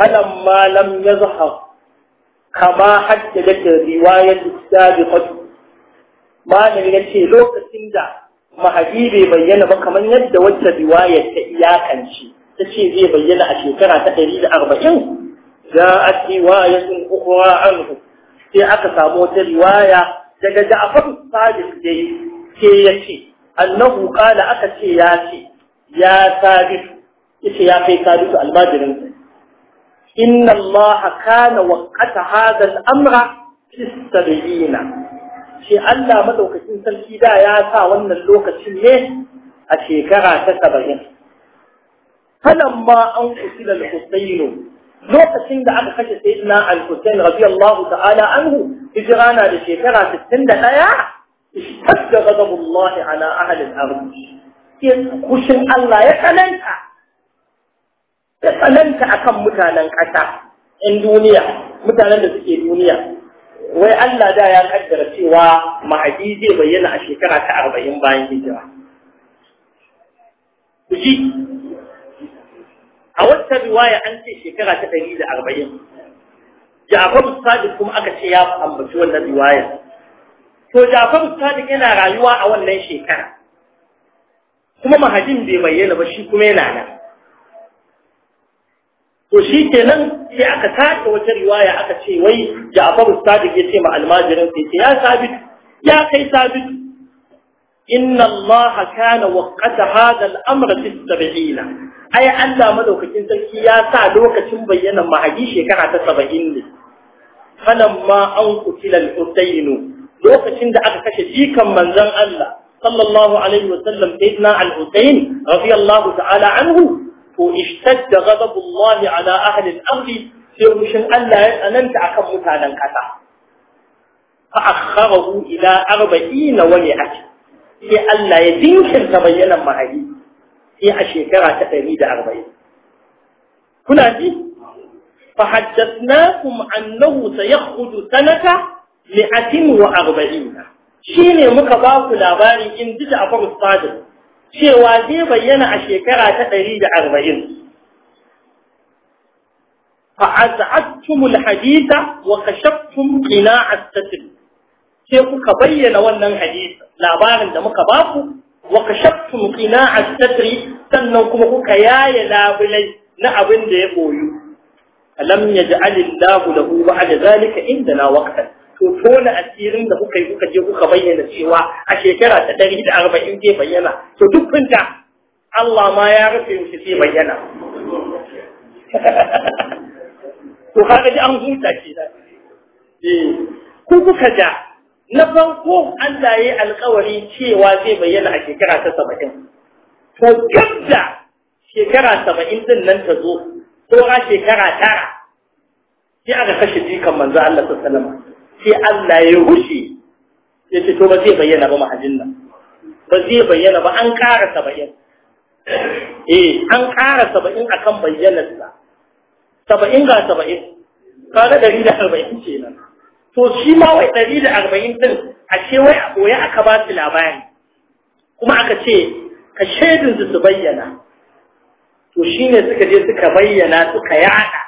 alam ma lam yazhar kama da haddadat riwayat sabiqat ma ne ce lokacin da mahadi bai bayyana ba kamar yadda wacce riwayar ta iyakance ta ce zai bayyana a shekara ta ɗari da arba'in جاءت رواية أخرى Sai aka أقصى موت riwaya. daga Ja'far Sadiq dai ke yace annahu qala aka ce ya ce ya Sadiq yace ya kai Sadiq almajirin inna Allah kana waqata hadha al-amra fi sab'ina shi Allah madaukakin sarki da ya sa wannan lokacin ne a shekara ta 70 ma an qutila al lokacin da aka kashe sayyidina al-husayn radiyallahu ta'ala anhu hijira na da shekara 61 istadda ghadabullah ala ahli al-ard in kushin Allah ya tsananta ya tsananta mutanen ƙasa in duniya mutanen da suke duniya wai Allah da ya kaddara cewa mahadi zai bayyana a shekara ta 40 bayan hijira a wata riwaya an ce shekara ta ɗari da arba'in jafar sadiq kuma aka ce ya ambaci wannan riwaya. to jafar sadiq yana rayuwa a wannan shekara kuma mahajin bai bayyana ba shi kuma yana nan to shi kenan sai aka sake wata riwaya aka ce wai jafaru sadiq ya ce ma almajirin sai ya sabit ya kai sabit inna allaha kana waqata hadha al-amra fi ai Allah madaukakin sarki ya sa lokacin bayyanan mahadi shekara ta saba'in ne falamma an kutilal husainu lokacin da aka kashe jikan manzon Allah sallallahu alaihi wasallam sayyidina al-husain radiyallahu ta'ala anhu to ishtadda ghadabullahi ala ahli al-ardi sai rushin Allah ya tsananta akan mutanen kasa fa akharahu ila arba'ina wani mi'ati sai Allah ya ta bayyanan mahadi sai a shekara ta ɗari da arba'in. Kuna arba'in. Shi ne muka baku ku labari in ji fadin cewa zai bayyana a shekara ta ɗari da arba'in. Fa'azatum alhadisa wa kashaftum qina'at-tatib. Sai kuka bayyana wannan hadisi labarin da muka baku? wa kashaftum الستر satri sannan kuma kuka yaye labulai na abin da ya boyu alam yaj'alillahu lahu ba'da zalika indana waqtan to tona asirin da kuka yi kuka je kuka bayyana cewa a shekara ta ɗari da arba'in bayyana to dukkan ta Allah ma ya rufe ke bayyana to ji an huta ke na farko Allah ya yi alkawari cewa zai bayyana a shekara ta saba'in to gabda shekara saba'in din nan ta zo saura shekara tara sai aka kashe jikan manzo Allah sallallahu alaihi sai Allah ya rushe ya ce to ba zai bayyana ba mahajin nan ba zai bayyana ba an ƙara saba'in eh an ƙara saba'in akan bayyanarsa saba'in ga saba'in kaga ɗari da arba'in ce na to shi ma wai ɗari da arba'in ɗin wai a koya aka ba su labari kuma aka ce ka shaidinsu su bayyana to shi ne suka je suka bayyana suka yaɗa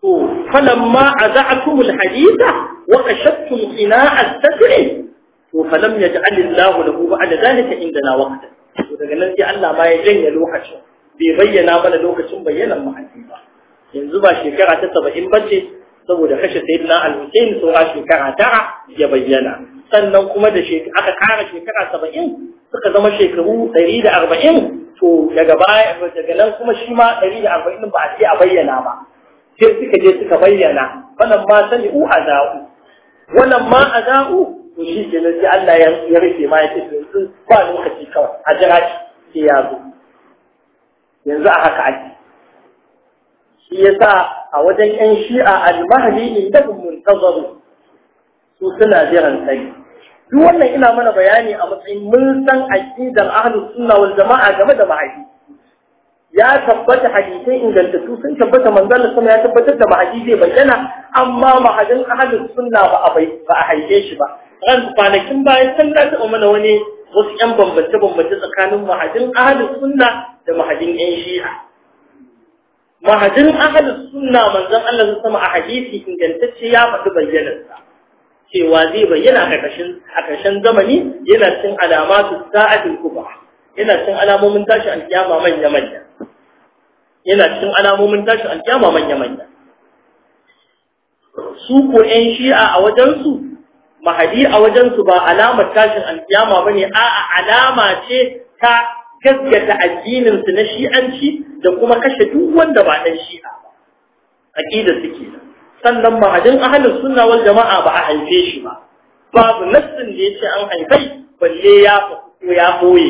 to falamma a za'atumul hadisa wa kashattum a sadri to falam yaj'al Allahu lahu ba'da zalika indana waqta to daga nan sai Allah ma ya janye lokacin bai bayyana mana lokacin bayyanan mahaifi ba yanzu ba shekara ta saba'in bace saboda kashe na al-Husayn saura shekara tara ya bayyana sannan kuma da aka kara shekara saba'in suka zama shekaru ɗari da arba'in to daga baya daga nan kuma shi ma ɗari da arba'in ba a ce a bayyana ba sai suka je suka bayyana wannan ma sani u a za'u wannan ma a za'u to shi ke nan sai Allah ya rufe ma ya ce to ba lokaci kawai a jira shi sai ya zo yanzu a haka ake shi yasa a wajen ‘yan shi'a almahali in mun muntazaru su suna jiran kai. Duk wannan ina mana bayani a matsayin mun san aƙidar ahlus sunna wal jama'a game da mahadi. Ya tabbata hadisai ingantattu sun tabbata manzon sama ya tabbatar da mahadi zai bayyana amma mahadin ahlus sunna ba a haife shi ba. Ran kwanakin bayan can da taɓa mana wani wasu ‘yan bambance-bambance tsakanin mahadin ahlus sunna da mahadin ‘yan shi'a. mahajin ahalin suna manzan Allah su sama a hadisi ingantacce ya faɗi bayyanarsa cewa zai bayyana a ƙarshen zamani yana cin alama su sa'adin kuma yana cin alamomin tashi alkiyama manya manya yana cin alamomin tashi alkiyama manya manya su ko ƴan shi'a a wajensu, mahadi a wajensu ba alamar tashin ba ne, a'a alama ce ta gaskata addinin su na shi'anci da kuma kashe duk wanda ba dan shi'a ba aqida suke sannan mahadin ahlus sunna wal jama'a ba a haife shi ba babu nassin da yace an haifai balle ya ko ya boye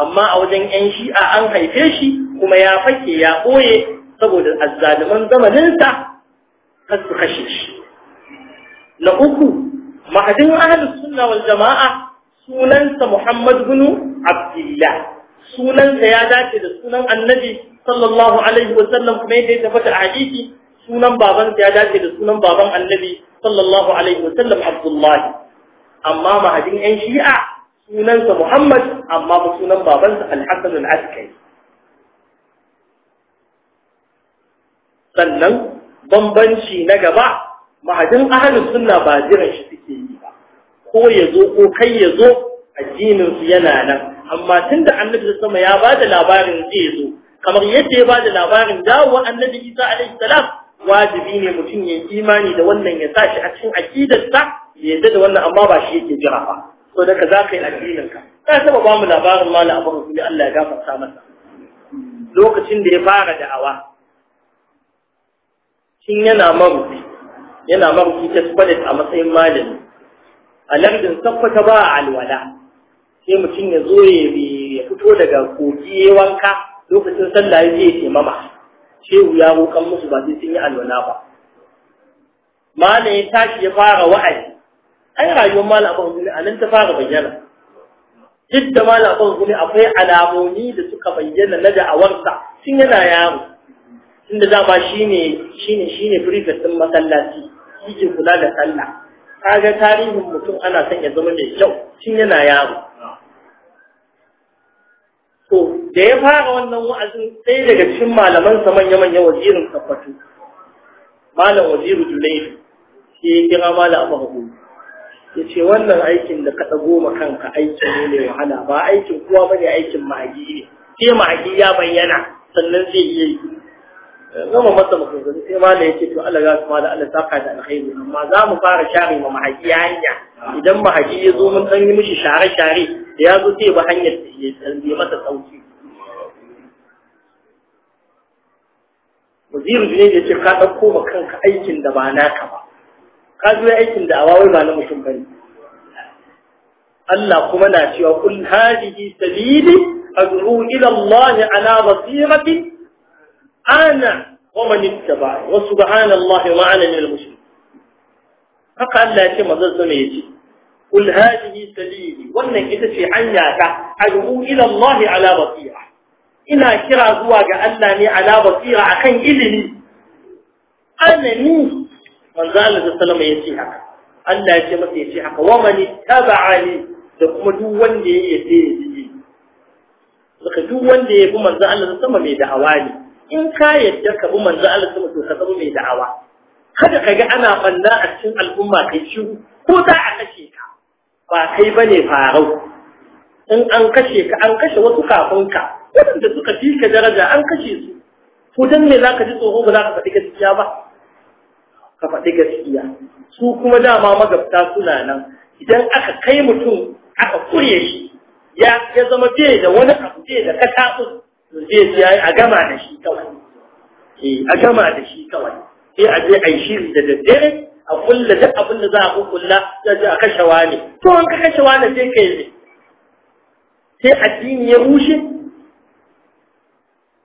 amma a wajen yan shi'a an haife shi kuma ya fake ya boye saboda azzaliman zamaninsa kar su kashe shi na uku mahadin ahlus sunna wal jama'a sunansa Muhammad bin Abdullah sunansa ya dace da sunan annabi sallallahu alaihi wa sallam kuma yadda ya tabbata a hadisi sunan babansa ya dace da sunan baban annabi sallallahu alaihi wa sallam abdullahi amma mahadin yan shi'a sunansa muhammad amma ba sunan babansa al-hasan al-askari sannan bambanci na gaba mahadin ahalin sunna ba jiran shi suke yi ba ko ya zo ko kai ya zo addinin su yana nan amma tun da annabi sama ya ba da labarin zai zo kamar yadda ya ba da labarin dawo annabi isa alaihi salam wajibi ne mutum ya imani da wannan ya sa shi a cikin sa ya yadda da wannan amma ba shi yake jira ba so daga za ka yi addinin ka ka ba mu labarin malam abu Allah ya gafarta masa lokacin da ya fara da'awa shin yana marufi yana marufi ta a matsayin malami a lardin tabbata ba a alwala sai mutum ya zo ya fito daga kogi ya wanka lokacin sallah ya je ya taimama shehu ya hukan musu ba sai sun yi alwala ba malam ya tashi ya fara wa'azi ai rayuwar malam abin gumi a nan ta fara bayyana duk da malam abin akwai alamomi da suka bayyana na da'awarsa sun yana yaro shi ne shi ne shine ne masallaci ke kula da sallah kaga tarihin mutum ana son ya zama mai kyau sun yana yaro da ya fara wannan wa'azin ɗaya daga cikin malaman sa manya-manya wazirin tabbatu malam waziru julaidu shi ya kira malam abu hagu ya ce wannan aikin da ka ɗago ma kanka aiki ne mai wahala ba aikin kowa ne aikin ma'agi ne sai ma'agi ya bayyana sannan zai iya yi zama masa makonzani sai malam ya ce to Allah ya kuma da Allah saka da alkhairu. amma za mu fara share ma ma'agi hanya idan ma'agi ya zo mun ɗan yi mishi share-share ya zo sai ba hanyar da ya masa sauki wazirin ne ya ce ka ɗauko ma kanka aikin da ba naka ba ka zo aikin da awa wai ba na mutum bane Allah kuma na cewa kul hadihi sabili ad'u ila Allah ala basirati ana ba, wasu ittaba wa subhanallahi wa ana min al-mushrikin haka Allah ya ce manzon sa ya ce kul hadihi sabili wannan ita ce hanya ta ad'u ila Allah ala basirati ina kira zuwa ga Allah ne ala basira akan ilimi annani manzo Allah sallallahu alaihi wasallam haka Allah ya ce masa yace haka wa man taba'ani da kuma duk wanda ya yace yace saka duk wanda ya bi manzo Allah sallallahu alaihi mai da'awa ne in ka yadda ka bi manzo Allah sallallahu alaihi wasallam to ka zama mai da'awa kada ka ga ana banna a cikin al'umma kai shiru ko za a kashe ka ba kai bane farau in an kashe ka an kashe wasu kafin ka waɗanda suka fi ka daraja an kashe su ko dan me zaka ji tsoro ba za ka faɗi gaskiya ba ka faɗi gaskiya su kuma dama magabta suna nan idan aka kai mutum aka kure shi ya ya zama bai da wani abu bai da kataɓu zai ji a gama da shi kawai eh a gama da shi kawai sai a je a yi shiri da daddare a kulla duk abin da za a kulla ya ji a kashe wani to an ka kashe wani sai kai ne sai addini ya rushe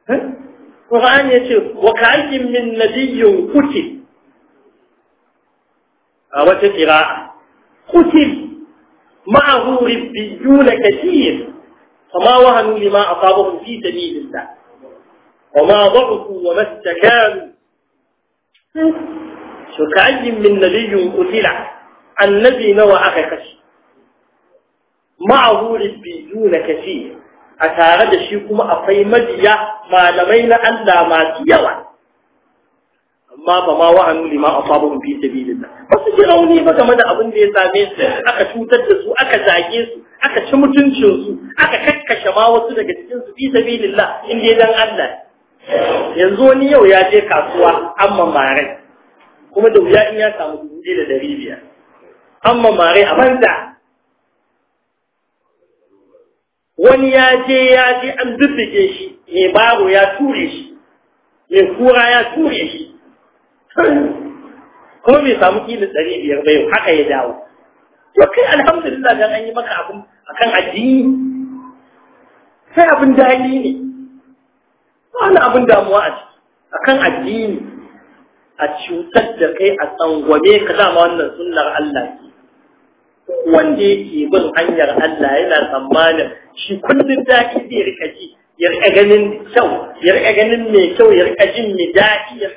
القرآن يقول وكأي من نبي قتل وتقراء قتل معه ربيون كثير فما وهنوا لما أصابهم في سبيل الله وما ضعفوا وما استكانوا وكأي من نبي قتل النبي نوى أخي معه ربيون كثير a tare da shi kuma akwai majiya malamai na Allah masu yawa amma ba ma wa'anu lima asabu fi da ba su ji rauni ba game da abin da ya same su aka cutar da su aka zage su aka ci mutuncin su aka kakkashe ma wasu daga cikin su bi da Allah, in dai dan Allah yanzu wani yau ya je kasuwa amma mare kuma da wuya in ya samu dubu da dari biyar amma mare a banza wani ya je ya je an dubbuke shi mai baro ya ture shi mai kura ya ture shi kuma bai samu kilin ɗari biyar bai haka ya dawo to kai alhamdulillah dan an yi maka abin akan addini sai abin daɗi ne wani abin damuwa a ciki akan addini a cutar da kai a tsangwame ka dama wannan sunnar Allah wanda yake bin hanyar Allah yana tsammanin shi kullum daɗi zai rika ji ya rika ganin kyau ya rika ganin mai kyau ya rika jin mai daɗi ya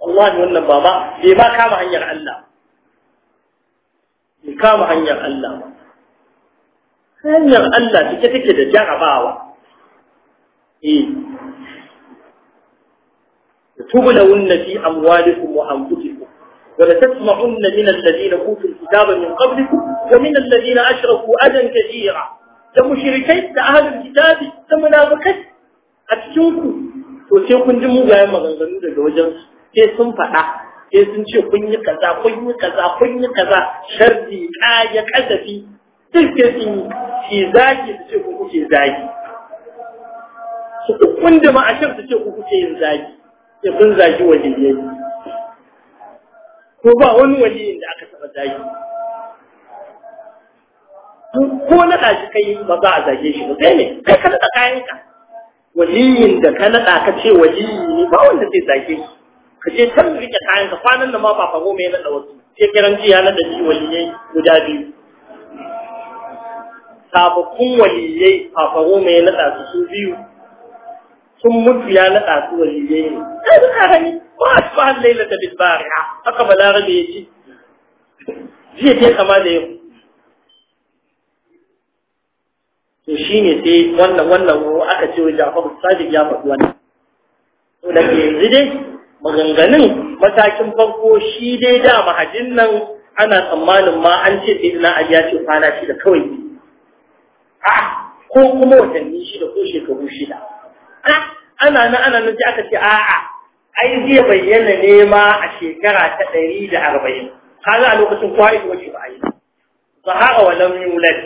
wallahi ne wannan ma. bai ma kama hanyar Allah bai kama hanyar Allah ba hanyar Allah take take da jarabawa eh tubulawunna fi amwalikum wa anfusikum ولتسمعن من الذين أوتوا الكتاب من قبلكم ومن الذين أشركوا أذى كثيرا لمشركين لأهل الكتاب لمنافقين أتشوكوا وشيخون جمو جاي مغنغن لوجن كيسون فتا كيسون شو كوني كذا كوني كذا كوني كذا شردي كايا كذا في تلك الدين في زاجي تشوكوا في زاجي شو ما أشرت تشوكوا في زاجي يقول زاجي وجديني ko ba wani waliyin da aka taɓa zagi ko na shi kai ba za a zage shi ba sai ne kai ka naɗa ka. waliyin da ka naɗa ka ce waliyi ne ba wanda zai zage shi ka je rike kayan ka, kwanan nan ma ba fago mai naɗa wasu sai kiran jiya na shi waliyai guda biyu sabakun waliyai fafago mai naɗa su su biyu Kun mutu ya naɗa su waliyai ne sai suka gani ba a cikin hannun da bin bari'a haka balarabe ya ce jiya ta kama da yau to shi ne sai wannan wannan aka ce wa jafaru sadiq ya faɗi wannan to da yanzu dai maganganun matakin farko shi dai da mahajin nan ana tsammanin ma an ce sai ina ajiya ce kwana shida kawai a ah, ko kuma watanni shida ko shekaru shida ah, ana na ana nan sai aka ce a'a ai zai bayyana ne ma a shekara ta ɗari da arba'in kaga a lokacin kwari ita wace ba a yi ba ha'a wa lam yulad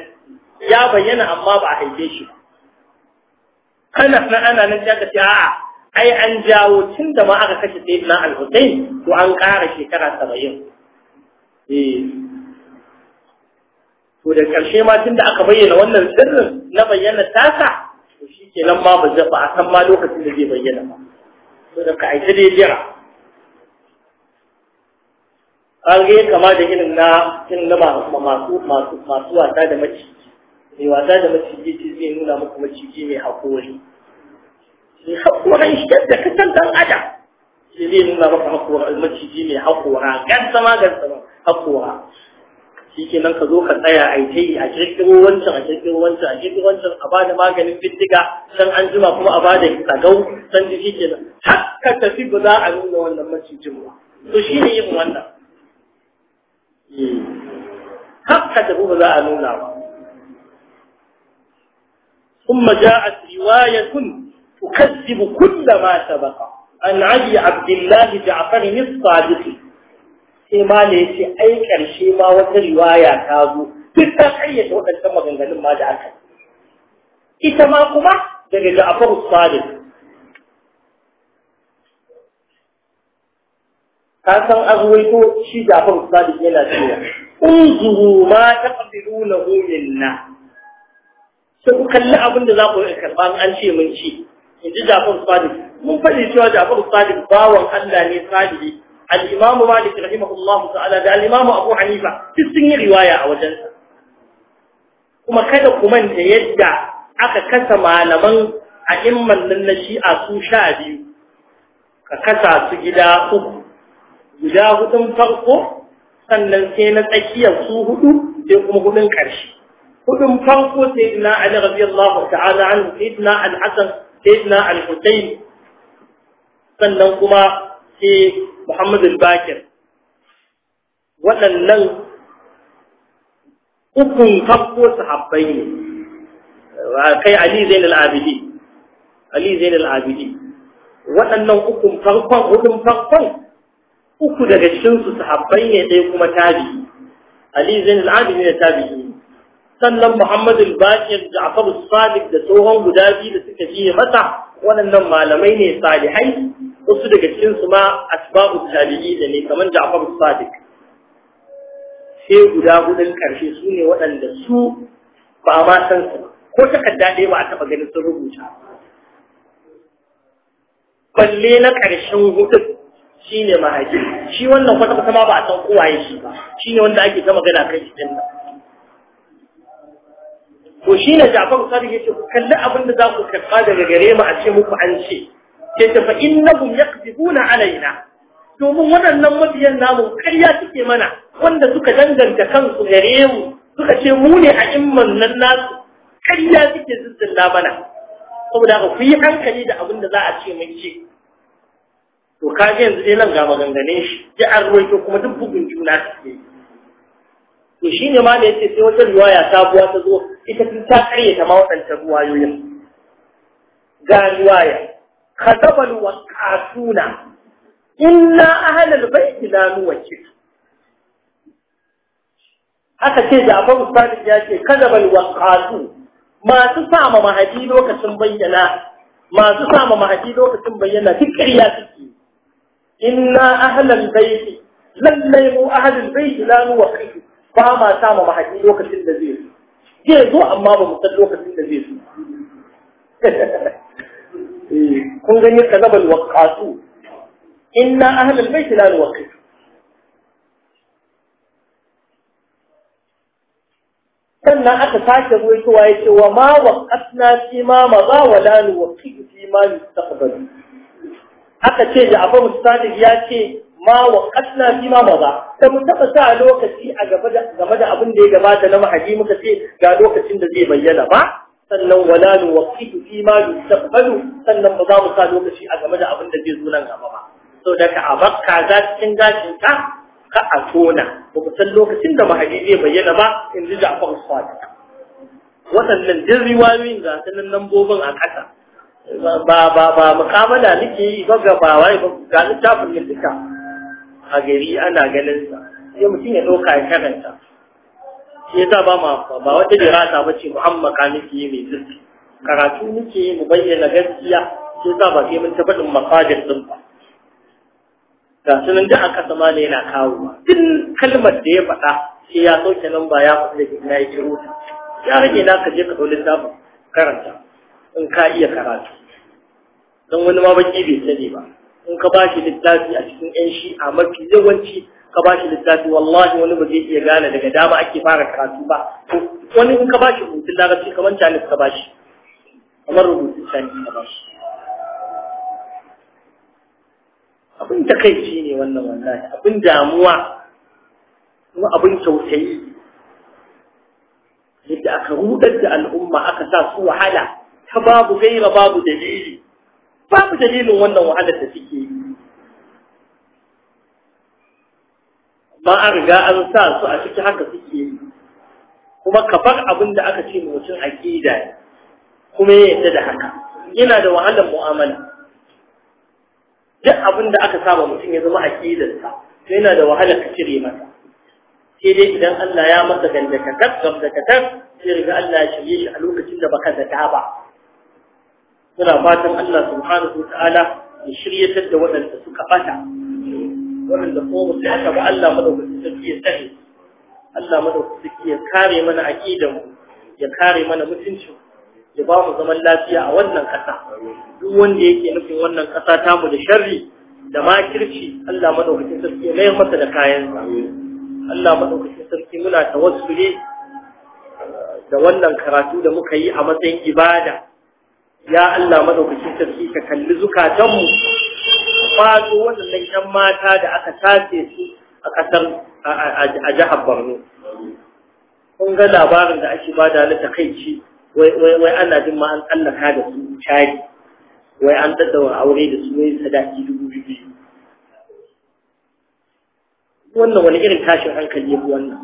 ya bayyana amma ba a haife shi ba kana na ana nan sai aka ce a'a ai an jawo tun da ma aka kashe sayyidina al-husayn to an ƙara shekara saba'in E, to da ƙarshe ma tun da aka bayyana wannan sirrin na bayyana tasa to shi ke nan ma ba a san ma lokacin da zai bayyana ba to da ka aita dai jira an ga kama da irin na irin na masu masu masu wasa da maciji mai wasa da maciji ce zai nuna muku maciji mai haƙori mai haƙoran shi yadda ka san dan adam sai zai nuna maka haƙoran maciji mai haƙora gan sama gan sama haƙora shikenan ka zo ka tsaya a yi ta yi a kirkiro wancan a kirkiro wancan a kirkiro wancan a bada maganin bindiga san an jima kuma a bada sagau san ji shikenan har ka tafi ba za a nuna wannan macijin ba to shi ne yin wannan har ka tafi ba za a nuna ba ثم جاءت رواية تكذب كل ما سبق عن علي عبد الله جعفر الصادق sai ma ai karshe ma wata riwaya ta zo duk ta kayyade waɗancan maganganun ma da aka ita ma kuma daga Ja'far Sadiq ka san azwaito shi Ja'far Sadiq yana cewa unzuru ma taqbilunahu minna sai ku kalli abin da za ku yi karɓa an ce mun ci in ji Ja'far Sadiq mun faɗi cewa Ja'far Sadiq bawan Allah ne salihi al-Imam Malik rahimahullahu ta'ala da al-Imam Abu Hanifa duk sun yi riwaya a wajensa kuma kada ku manta yadda aka kasa malaman a'imman nan na Shi'a su sha biyu ka kasa su gida uku guda hudun farko sannan sai na tsakiyar su hudu sai kuma hudun karshe hudun farko sai ina Ali al al sannan kuma sai Muhammadu bakir waɗannan ukun farko sahabbai ne kai Ali Zain al-Abidi Ali Zain al-Abidi waɗannan ukun farkon ukun farkon uku daga cikin su sahabbai ne ɗaya kuma tabi'i Ali Zain al-Abidi ne tabi'i sannan Muhammadu Bakir da Ja'far al-Sadiq da tsohon guda biyu da suka ji masa waɗannan malamai ne salihai wasu daga cikin su ma asba'u tabi'i da ne kamar Ja'far Sadiq sai guda hudun karshe su ne waɗanda su ba ma san su ko takarda ɗaya ba a taɓa ganin sun rubuta balle na ƙarshen hudun shine mahaji shi wannan kwata kwata ma ba a san kowaye shi ba shine wanda ake ta magana kan shi din nan to shine Ja'far Sadiq yace ku kalli abin da za ku karɓa daga gare mu a ce muku an ce ke ta fa innahum yaqdibuna alaina domin waɗannan mabiyan namu ƙarya suke mana wanda suka danganta kansu gare mu suka ce mu ne a imman nan nasu ƙarya suke zuzzulla mana saboda ka ku yi hankali da abin da za a ce mai ce to ka ga yanzu dai nan ga maganganun shi ji an ruwaito kuma duk bugun juna suke to shi ne ma da yace sai wata riwaya sabuwa ta zo ita tun ta ƙaryata ma waɗancan ruwayoyin ga riwaya wa ƙasuna, inna ahlal baiti la nuwajjid Haka ce da Ja'far Sadiq ya ce wa ƙasu, masu sama mahadi lokacin bayyana masu sama mahadi lokacin bayyana duk ƙarya suke inna ahlal baiti lallai mu ahlul baiti la kai, ba ma sama mahadi lokacin da zai zo zai zo amma ba mu san lokacin da zai zo Eh, kun gani kazabal waqatu inna ahlul bait la nuqatu sannan aka sake ruwaitowa ya ce wa ma waqatna fi ma ma ba wa la nuqitu fi ma yustaqbal aka ce da abu sadiq ya ce ma waqatna fi ma ma ba ta mu taba sa lokaci a gaba da game da abin da ya gabata na mahaji muka ce ga lokacin da zai bayyana ba sannan walalu waqitu fi ma sannan ba za mu sa lokaci a game da abin da zai zo nan gaba ba so da ka abakka za cikin gashin ka ka a tona ba ku san lokacin da mahadi zai bayyana ba in ji Ja'far Sadiq waɗannan duk riwayoyin ga sanan lambobin a ƙasa ba ba ba mukamala nake yi ba ga ba ga littafin ne duka a gari ana ganin sa sai mutum ya ɗauka ya karanta shi yasa ba ma ba wata dirasa ba ce muhammad kaniki yi mai zurfi karatu nake mu bayyana gaskiya shi yasa ba sai mun tabbatin mafajin din ba ga sunan da aka sama ne yana kawo ba. din kalmar da ya faɗa sai ya sauke nan ba ya faɗi da na yi kiro ya rage na ka je ka ɗaulin littafin karanta in ka iya karatu don wani ma baki bai sani ba in ka ba shi littafi a cikin 'yan shi a mafi yawanci ka bashi littafi wallahi wani ba zai iya gane daga dama ake fara karatu ba wani in ka bashi rubutun larabci kamar jalif ka bashi kamar rubutun jalif ka bashi abin takaici ne wannan wallahi abin damuwa kuma abin tausayi yadda aka rudar da al'umma aka sa su wahala ta babu gaira babu dalili babu dalilin wannan wahalar da suke ma an riga an sa su a ciki haka suke yi kuma ka bar abin da aka ce mutum aƙida ne kuma ya yadda da haka yana da wahalar mu'amala duk abin da aka saba mutum ya zama aƙidarsa to yana da wahalar ka cire masa sai dai idan Allah ya masa gandakatar gandakatar sai riga Allah ya shirye shi a lokacin da baka zata ba Suna fatan Allah subhanahu wa ta'ala ya shiryatar da waɗanda suka bata wanda ko mu aka ba Allah madaukakin sarki ya sani, Allah madaukakin sarki ya kare mana aqidan ya kare mana mutuncin ya ba mu zaman lafiya a wannan kasa duk wanda yake nufin wannan kasa ta mu da sharri da makirci Allah madaukakin sarki ya mayar masa da kayan Allah madaukakin sarki muna tawassuli da wannan karatu da muka yi a matsayin ibada ya Allah madaukakin sarki ka kalli zukatanmu kwato waɗannan ƴan mata da aka tace su a ƙasar a jihar Borno. Kun ga labarin da ake ba da na takaici wai ana jin ma an tsallaka da su cari wai an daddawa aure da su wai sadaki dubu biyu. Wannan wani irin tashin hankali ya wannan.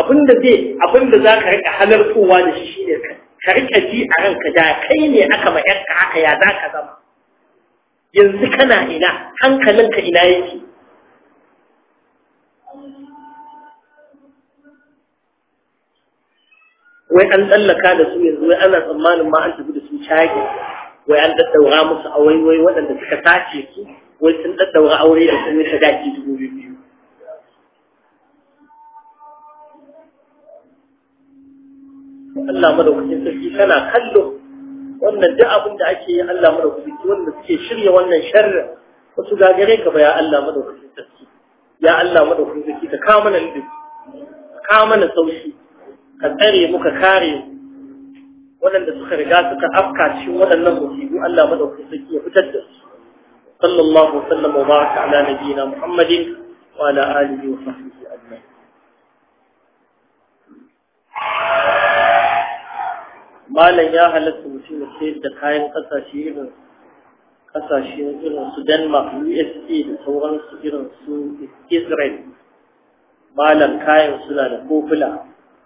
abinda zai abinda za ka rika halartowa da shi ne ka rika ji a ranka da kai ne aka ma ka haka ya za ka zama yanzu kana ina hankalinka ina yake wai an tsallaka da su yanzu wai ana tsammanin ma an tafi da su shage wai an daddaura musu a waiwai waɗanda suka sace su wai sun daddaura aure da sun yi sadaki dubu biyu Allah madaukakin sarki kana kallo wannan duk abin da ake yi Allah madaukaki wanda suke shirya wannan sharri wasu gagare ka ba ya Allah madaukaki sarki ya Allah madaukaki sarki ka kawo mana lidi ka mana sauki ka tsare mu ka kare mu waɗanda suka riga suka afka cikin waɗannan musibu Allah madaukaki sarki ya fitar da su sallallahu alaihi wasallam wa baraka ala nabiyyina muhammadin wa ala alihi wa sahbihi ajma'in malam ya halatta mutum da sayar da kayan kasashe irin kasashe irin su denmark usa da sauransu irin su israel malam kayan suna da kofula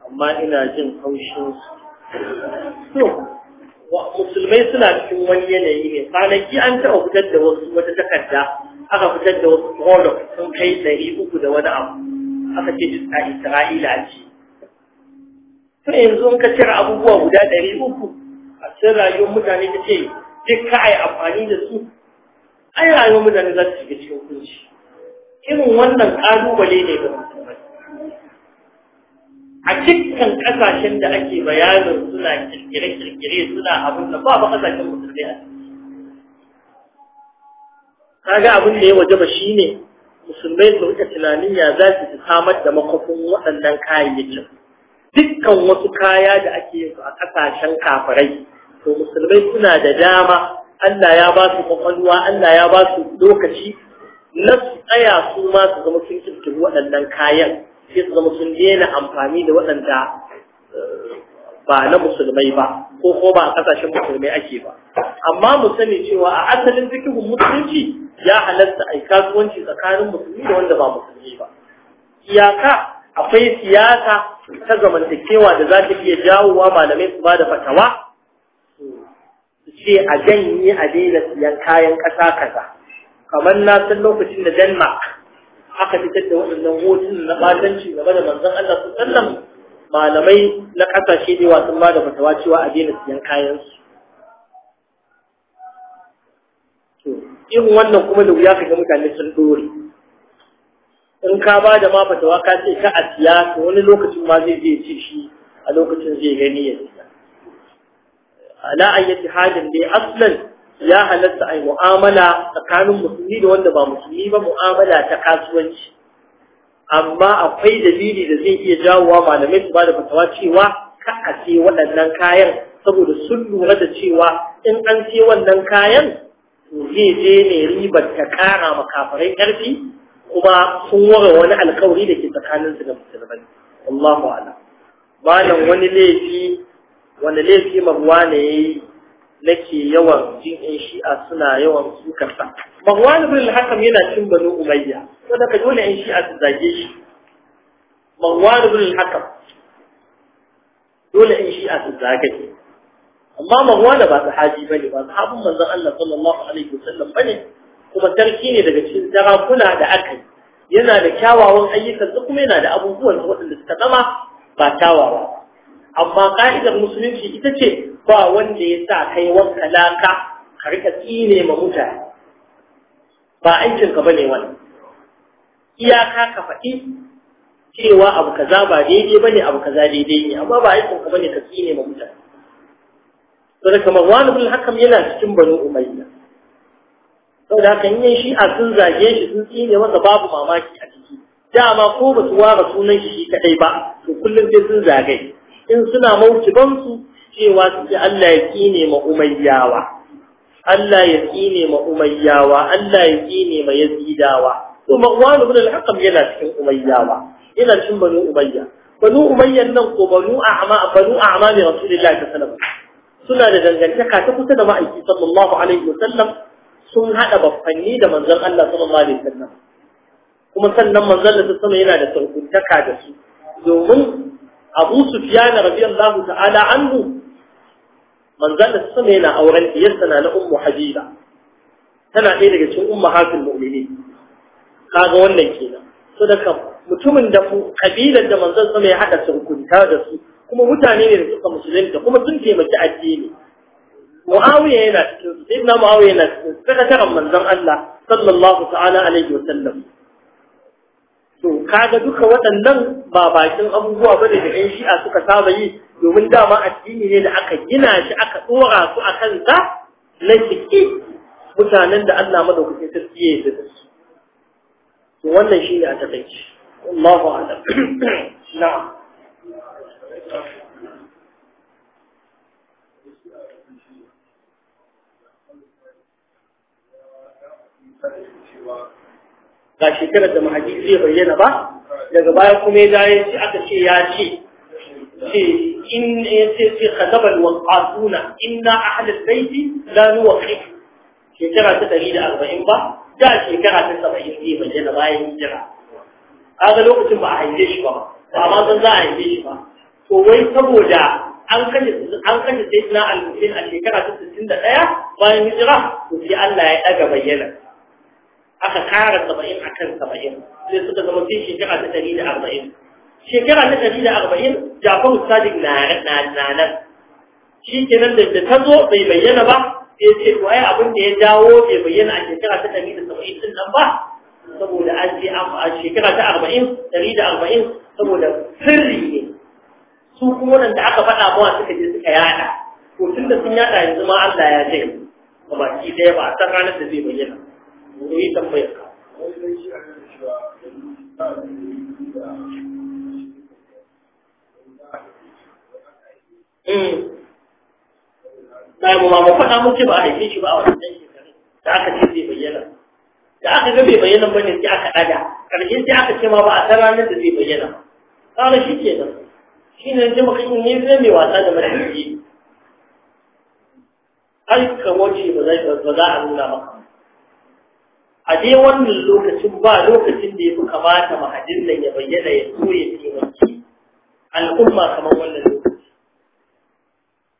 amma ina jin haushinsu musulmai suna cikin wani yanayi ne kwanaki an taɓa fitar da wasu wata takarda aka fitar da wasu product sun kai ɗari uku da wani abu aka ce a isra'ila ce to yanzu in ka cire abubuwa guda ɗari uku a cikin rayuwar mutane ta ce duk ka ai amfani da su ai rayuwar mutane za su shiga cikin kunci irin wannan ƙalubale ne ga mutane. a cikin ƙasashen da ake bayanin suna kirkire-kirkire suna abin da ba ba ƙasashen musulmai a kaga abin da ya wajaba shine musulmai su rika tunanin ya za su samar da makofin waɗannan kayayyakin dukkan wasu kaya da ake yin su a ƙasashen kafirai to musulmai suna da dama Allah ya ba su kwakwalwa Allah ya ba su lokaci na tsaya su ma su zama sun kirkiri waɗannan kayan sai su zama sun daina amfani da waɗanda eh, ba na musulmai ba ko ko ba a ƙasashen musulmai ake ba amma mu sani cewa a asalin fikihun musulunci ya halatta a kasuwanci tsakanin musulmi da wanda ba musulmi ba iyaka akwai siyasa ta zamantakewa da za ta iya jawowa malamai su ba da fatawa su ce a janye a daina siyan kayan ƙasa kaza kamar na san lokacin da denmark aka fitar da waɗannan hotun na ɓatanci game da manzon allah su sallam malamai na ƙasashe da yawa sun ba da fatawa cewa a daina siyan kayansu irin wannan kuma da wuya ka ga mutane sun dore in ka ba da ma fatawa ka ce ka a siya to wani lokacin ma zai je ci shi a lokacin zai gani ya siya ala ayyati Hajin dai aslan ya halatta ai mu'amala tsakanin musulmi da wanda ba musulmi ba mu'amala ta kasuwanci amma akwai dalili da zai iya jawowa malamai su ba da fatawa cewa ka a ce waɗannan kayan saboda sun lura da cewa in an ce wannan kayan to zai je ne ribar ta ƙara makafarai ƙarfi kuma sun ware wani alkawari da ke tsakanin su da musulmai Allahu ala malam wani laifi wani laifi marwana ne nake yawan jin ɗan shi'a suna yawan sukar sa ne bin al yana cin bano umayya wanda ka dole ɗan shi'a su zage shi ne bin al dole ɗan shi'a su zage shi amma ne ba sahabi bane ba sahabin manzon Allah sallallahu alaihi wasallam bane kuma sarki ne daga cikin sarakuna da aka yi yana da kyawawan ayyukan su kuma yana da abubuwan waɗanda suka zama ba kyawawa amma ka'idar musulunci ita ce ba wanda ya sa kai wanka laka ka rika tsine ma mutane ba aikin ka bane wani iyaka ka faɗi cewa abu kaza ba daidai bane abu kaza daidai ne amma ba aikin ka bane ka tsine ma mutane saboda kamar wani hakan yana cikin banu umayya saboda haka in shi a sun zage shi sun tsine masa babu mamaki a ciki dama ko ba su ware sunan shi kadai ba to kullum sai sun zage in suna maukiban su cewa su ce Allah ya tsine ma umayyawa Allah ya tsine ma umayyawa Allah ya tsine ma yazidawa to maqwan ibn al-hakam yana cikin umayyawa yana cikin banu umayya banu umayyan nan ko banu a'ma banu a'ma ne rasulullahi sallallahu alaihi wasallam suna da dangantaka ta kusa da ma'aiki sallallahu alaihi wasallam sun haɗa bafanni da manzan Allah sallallahu alaihi wasallam kuma sannan manzon Allah sallallahu yana da sarkuntaka da su domin Abu Sufyan radiyallahu ta'ala anhu manzon Allah sallallahu yana auren diyarsa na Ummu Habiba tana ɗaya daga cikin ummahatul mu'minin kaga wannan kenan so daga mutumin da kabilar da manzan sama ya haɗa sarkunta da su kuma mutane ne da suka musulunta kuma sun taimaki addini Mu'awiyah yana cikin su sayyidina Mu'awiyah yana cikin su kaga taran manzon Allah sallallahu ta'ala alaihi wa sallam to kaga duka waɗannan ba bakin abubuwa ba da ƴan shi'a suka saba yi domin dama addini ne da aka gina shi aka dora su akan sa na ciki mutanen da Allah madaukakin sarki ya yi da su to wannan ne a takaice Allahu a'lam na'am ga shekarar da mahaji zai bayyana ba daga baya kuma ya yi ce aka ce ya ce ce in ya ce ce khadabal waqatuna inna ahlul baiti la nuqif shekara ta da arba'in ba da shekara ta saba'in zai bayyana bayan hijira kaga lokacin ba a haife shi ba ba ma san za a haife shi ba to wai saboda an kashe an kashe sayyidina al-mu'min a shekara ta 61 bayan hijira to sai Allah ya daga bayyana aka kara saba'in a kan saba'in sai suka zama sai shekara ta ɗari da arba'in shekara ta ɗari da arba'in jafar sadiq na nan shi kenan da ta zo bai bayyana ba sai ce to ai abin da ya dawo bai bayyana a shekara ta ɗari da saba'in ɗin nan ba saboda an ce a shekara ta arba'in ɗari da arba'in saboda sirri ne su kuma waɗanda aka faɗa mawa suka je suka yaɗa to tun da sun yaɗa yanzu ma Allah ya ce ba baki ɗaya ba a san ranar da zai bayyana ne tambayar ka Ɗaya hmm. ba mu faɗa muke ba a haife shi ba a ɗan shekaru da aka ce zai bayyana. Da aka ga bai bayyana ba ne sai aka ɗaga, ƙarshen sai aka ce ma ba a san ranar da zai bayyana. Kawai shi ke nan. Shi ne jima maka in yi zai mai wasa da matafiye. Ai, kamar ce ba za a nuna maka. a dai wannan lokacin ba lokacin da ya fi kamata mahadin ya bayyana ya so ya taimaki al'umma kamar wannan lokaci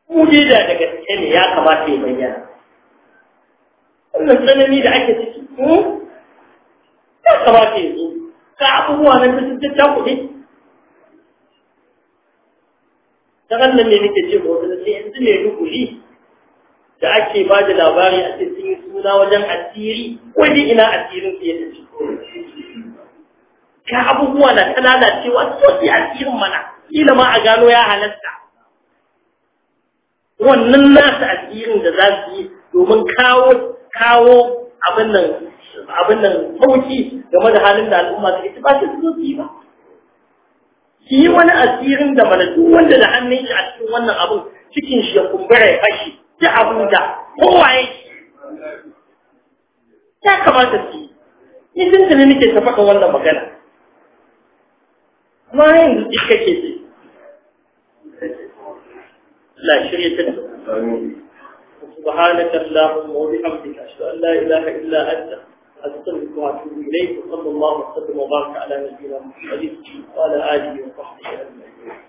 kuje da daga gaske ne ya kamata ya bayyana wannan tsanani da ake ciki mu hmm? ya kamata ya zo ka abubuwa na ta kuɗi ta wannan ne nake ce ba wani sai yanzu duk duguri da ake ba da labari a cikin suna wajen asiri wajen ina asirin ke da ka abubuwa na ta lalacewa sosai asirin mana kila ma a gano ya halatta wannan nasu asirin da za su yi domin kawo kawo abin nan abin nan sauki game da halin da al'umma su ita ba su zo su yi ba ki yi wani asirin da mana duk wanda da hannun shi a cikin wannan abin cikin shi ya kumbura ya fashi ci Abuja ko waye ya kamata su yi ni sun tuni nake ta faɗa wannan magana ma yanzu duk kake ce la shirya ta سبحانك اللهم وبحمدك أشهد أن لا إله إلا أنت أستغفرك وأتوب إليك وصلى الله وسلم وبارك على نبينا محمد وعلى آله وصحبه أجمعين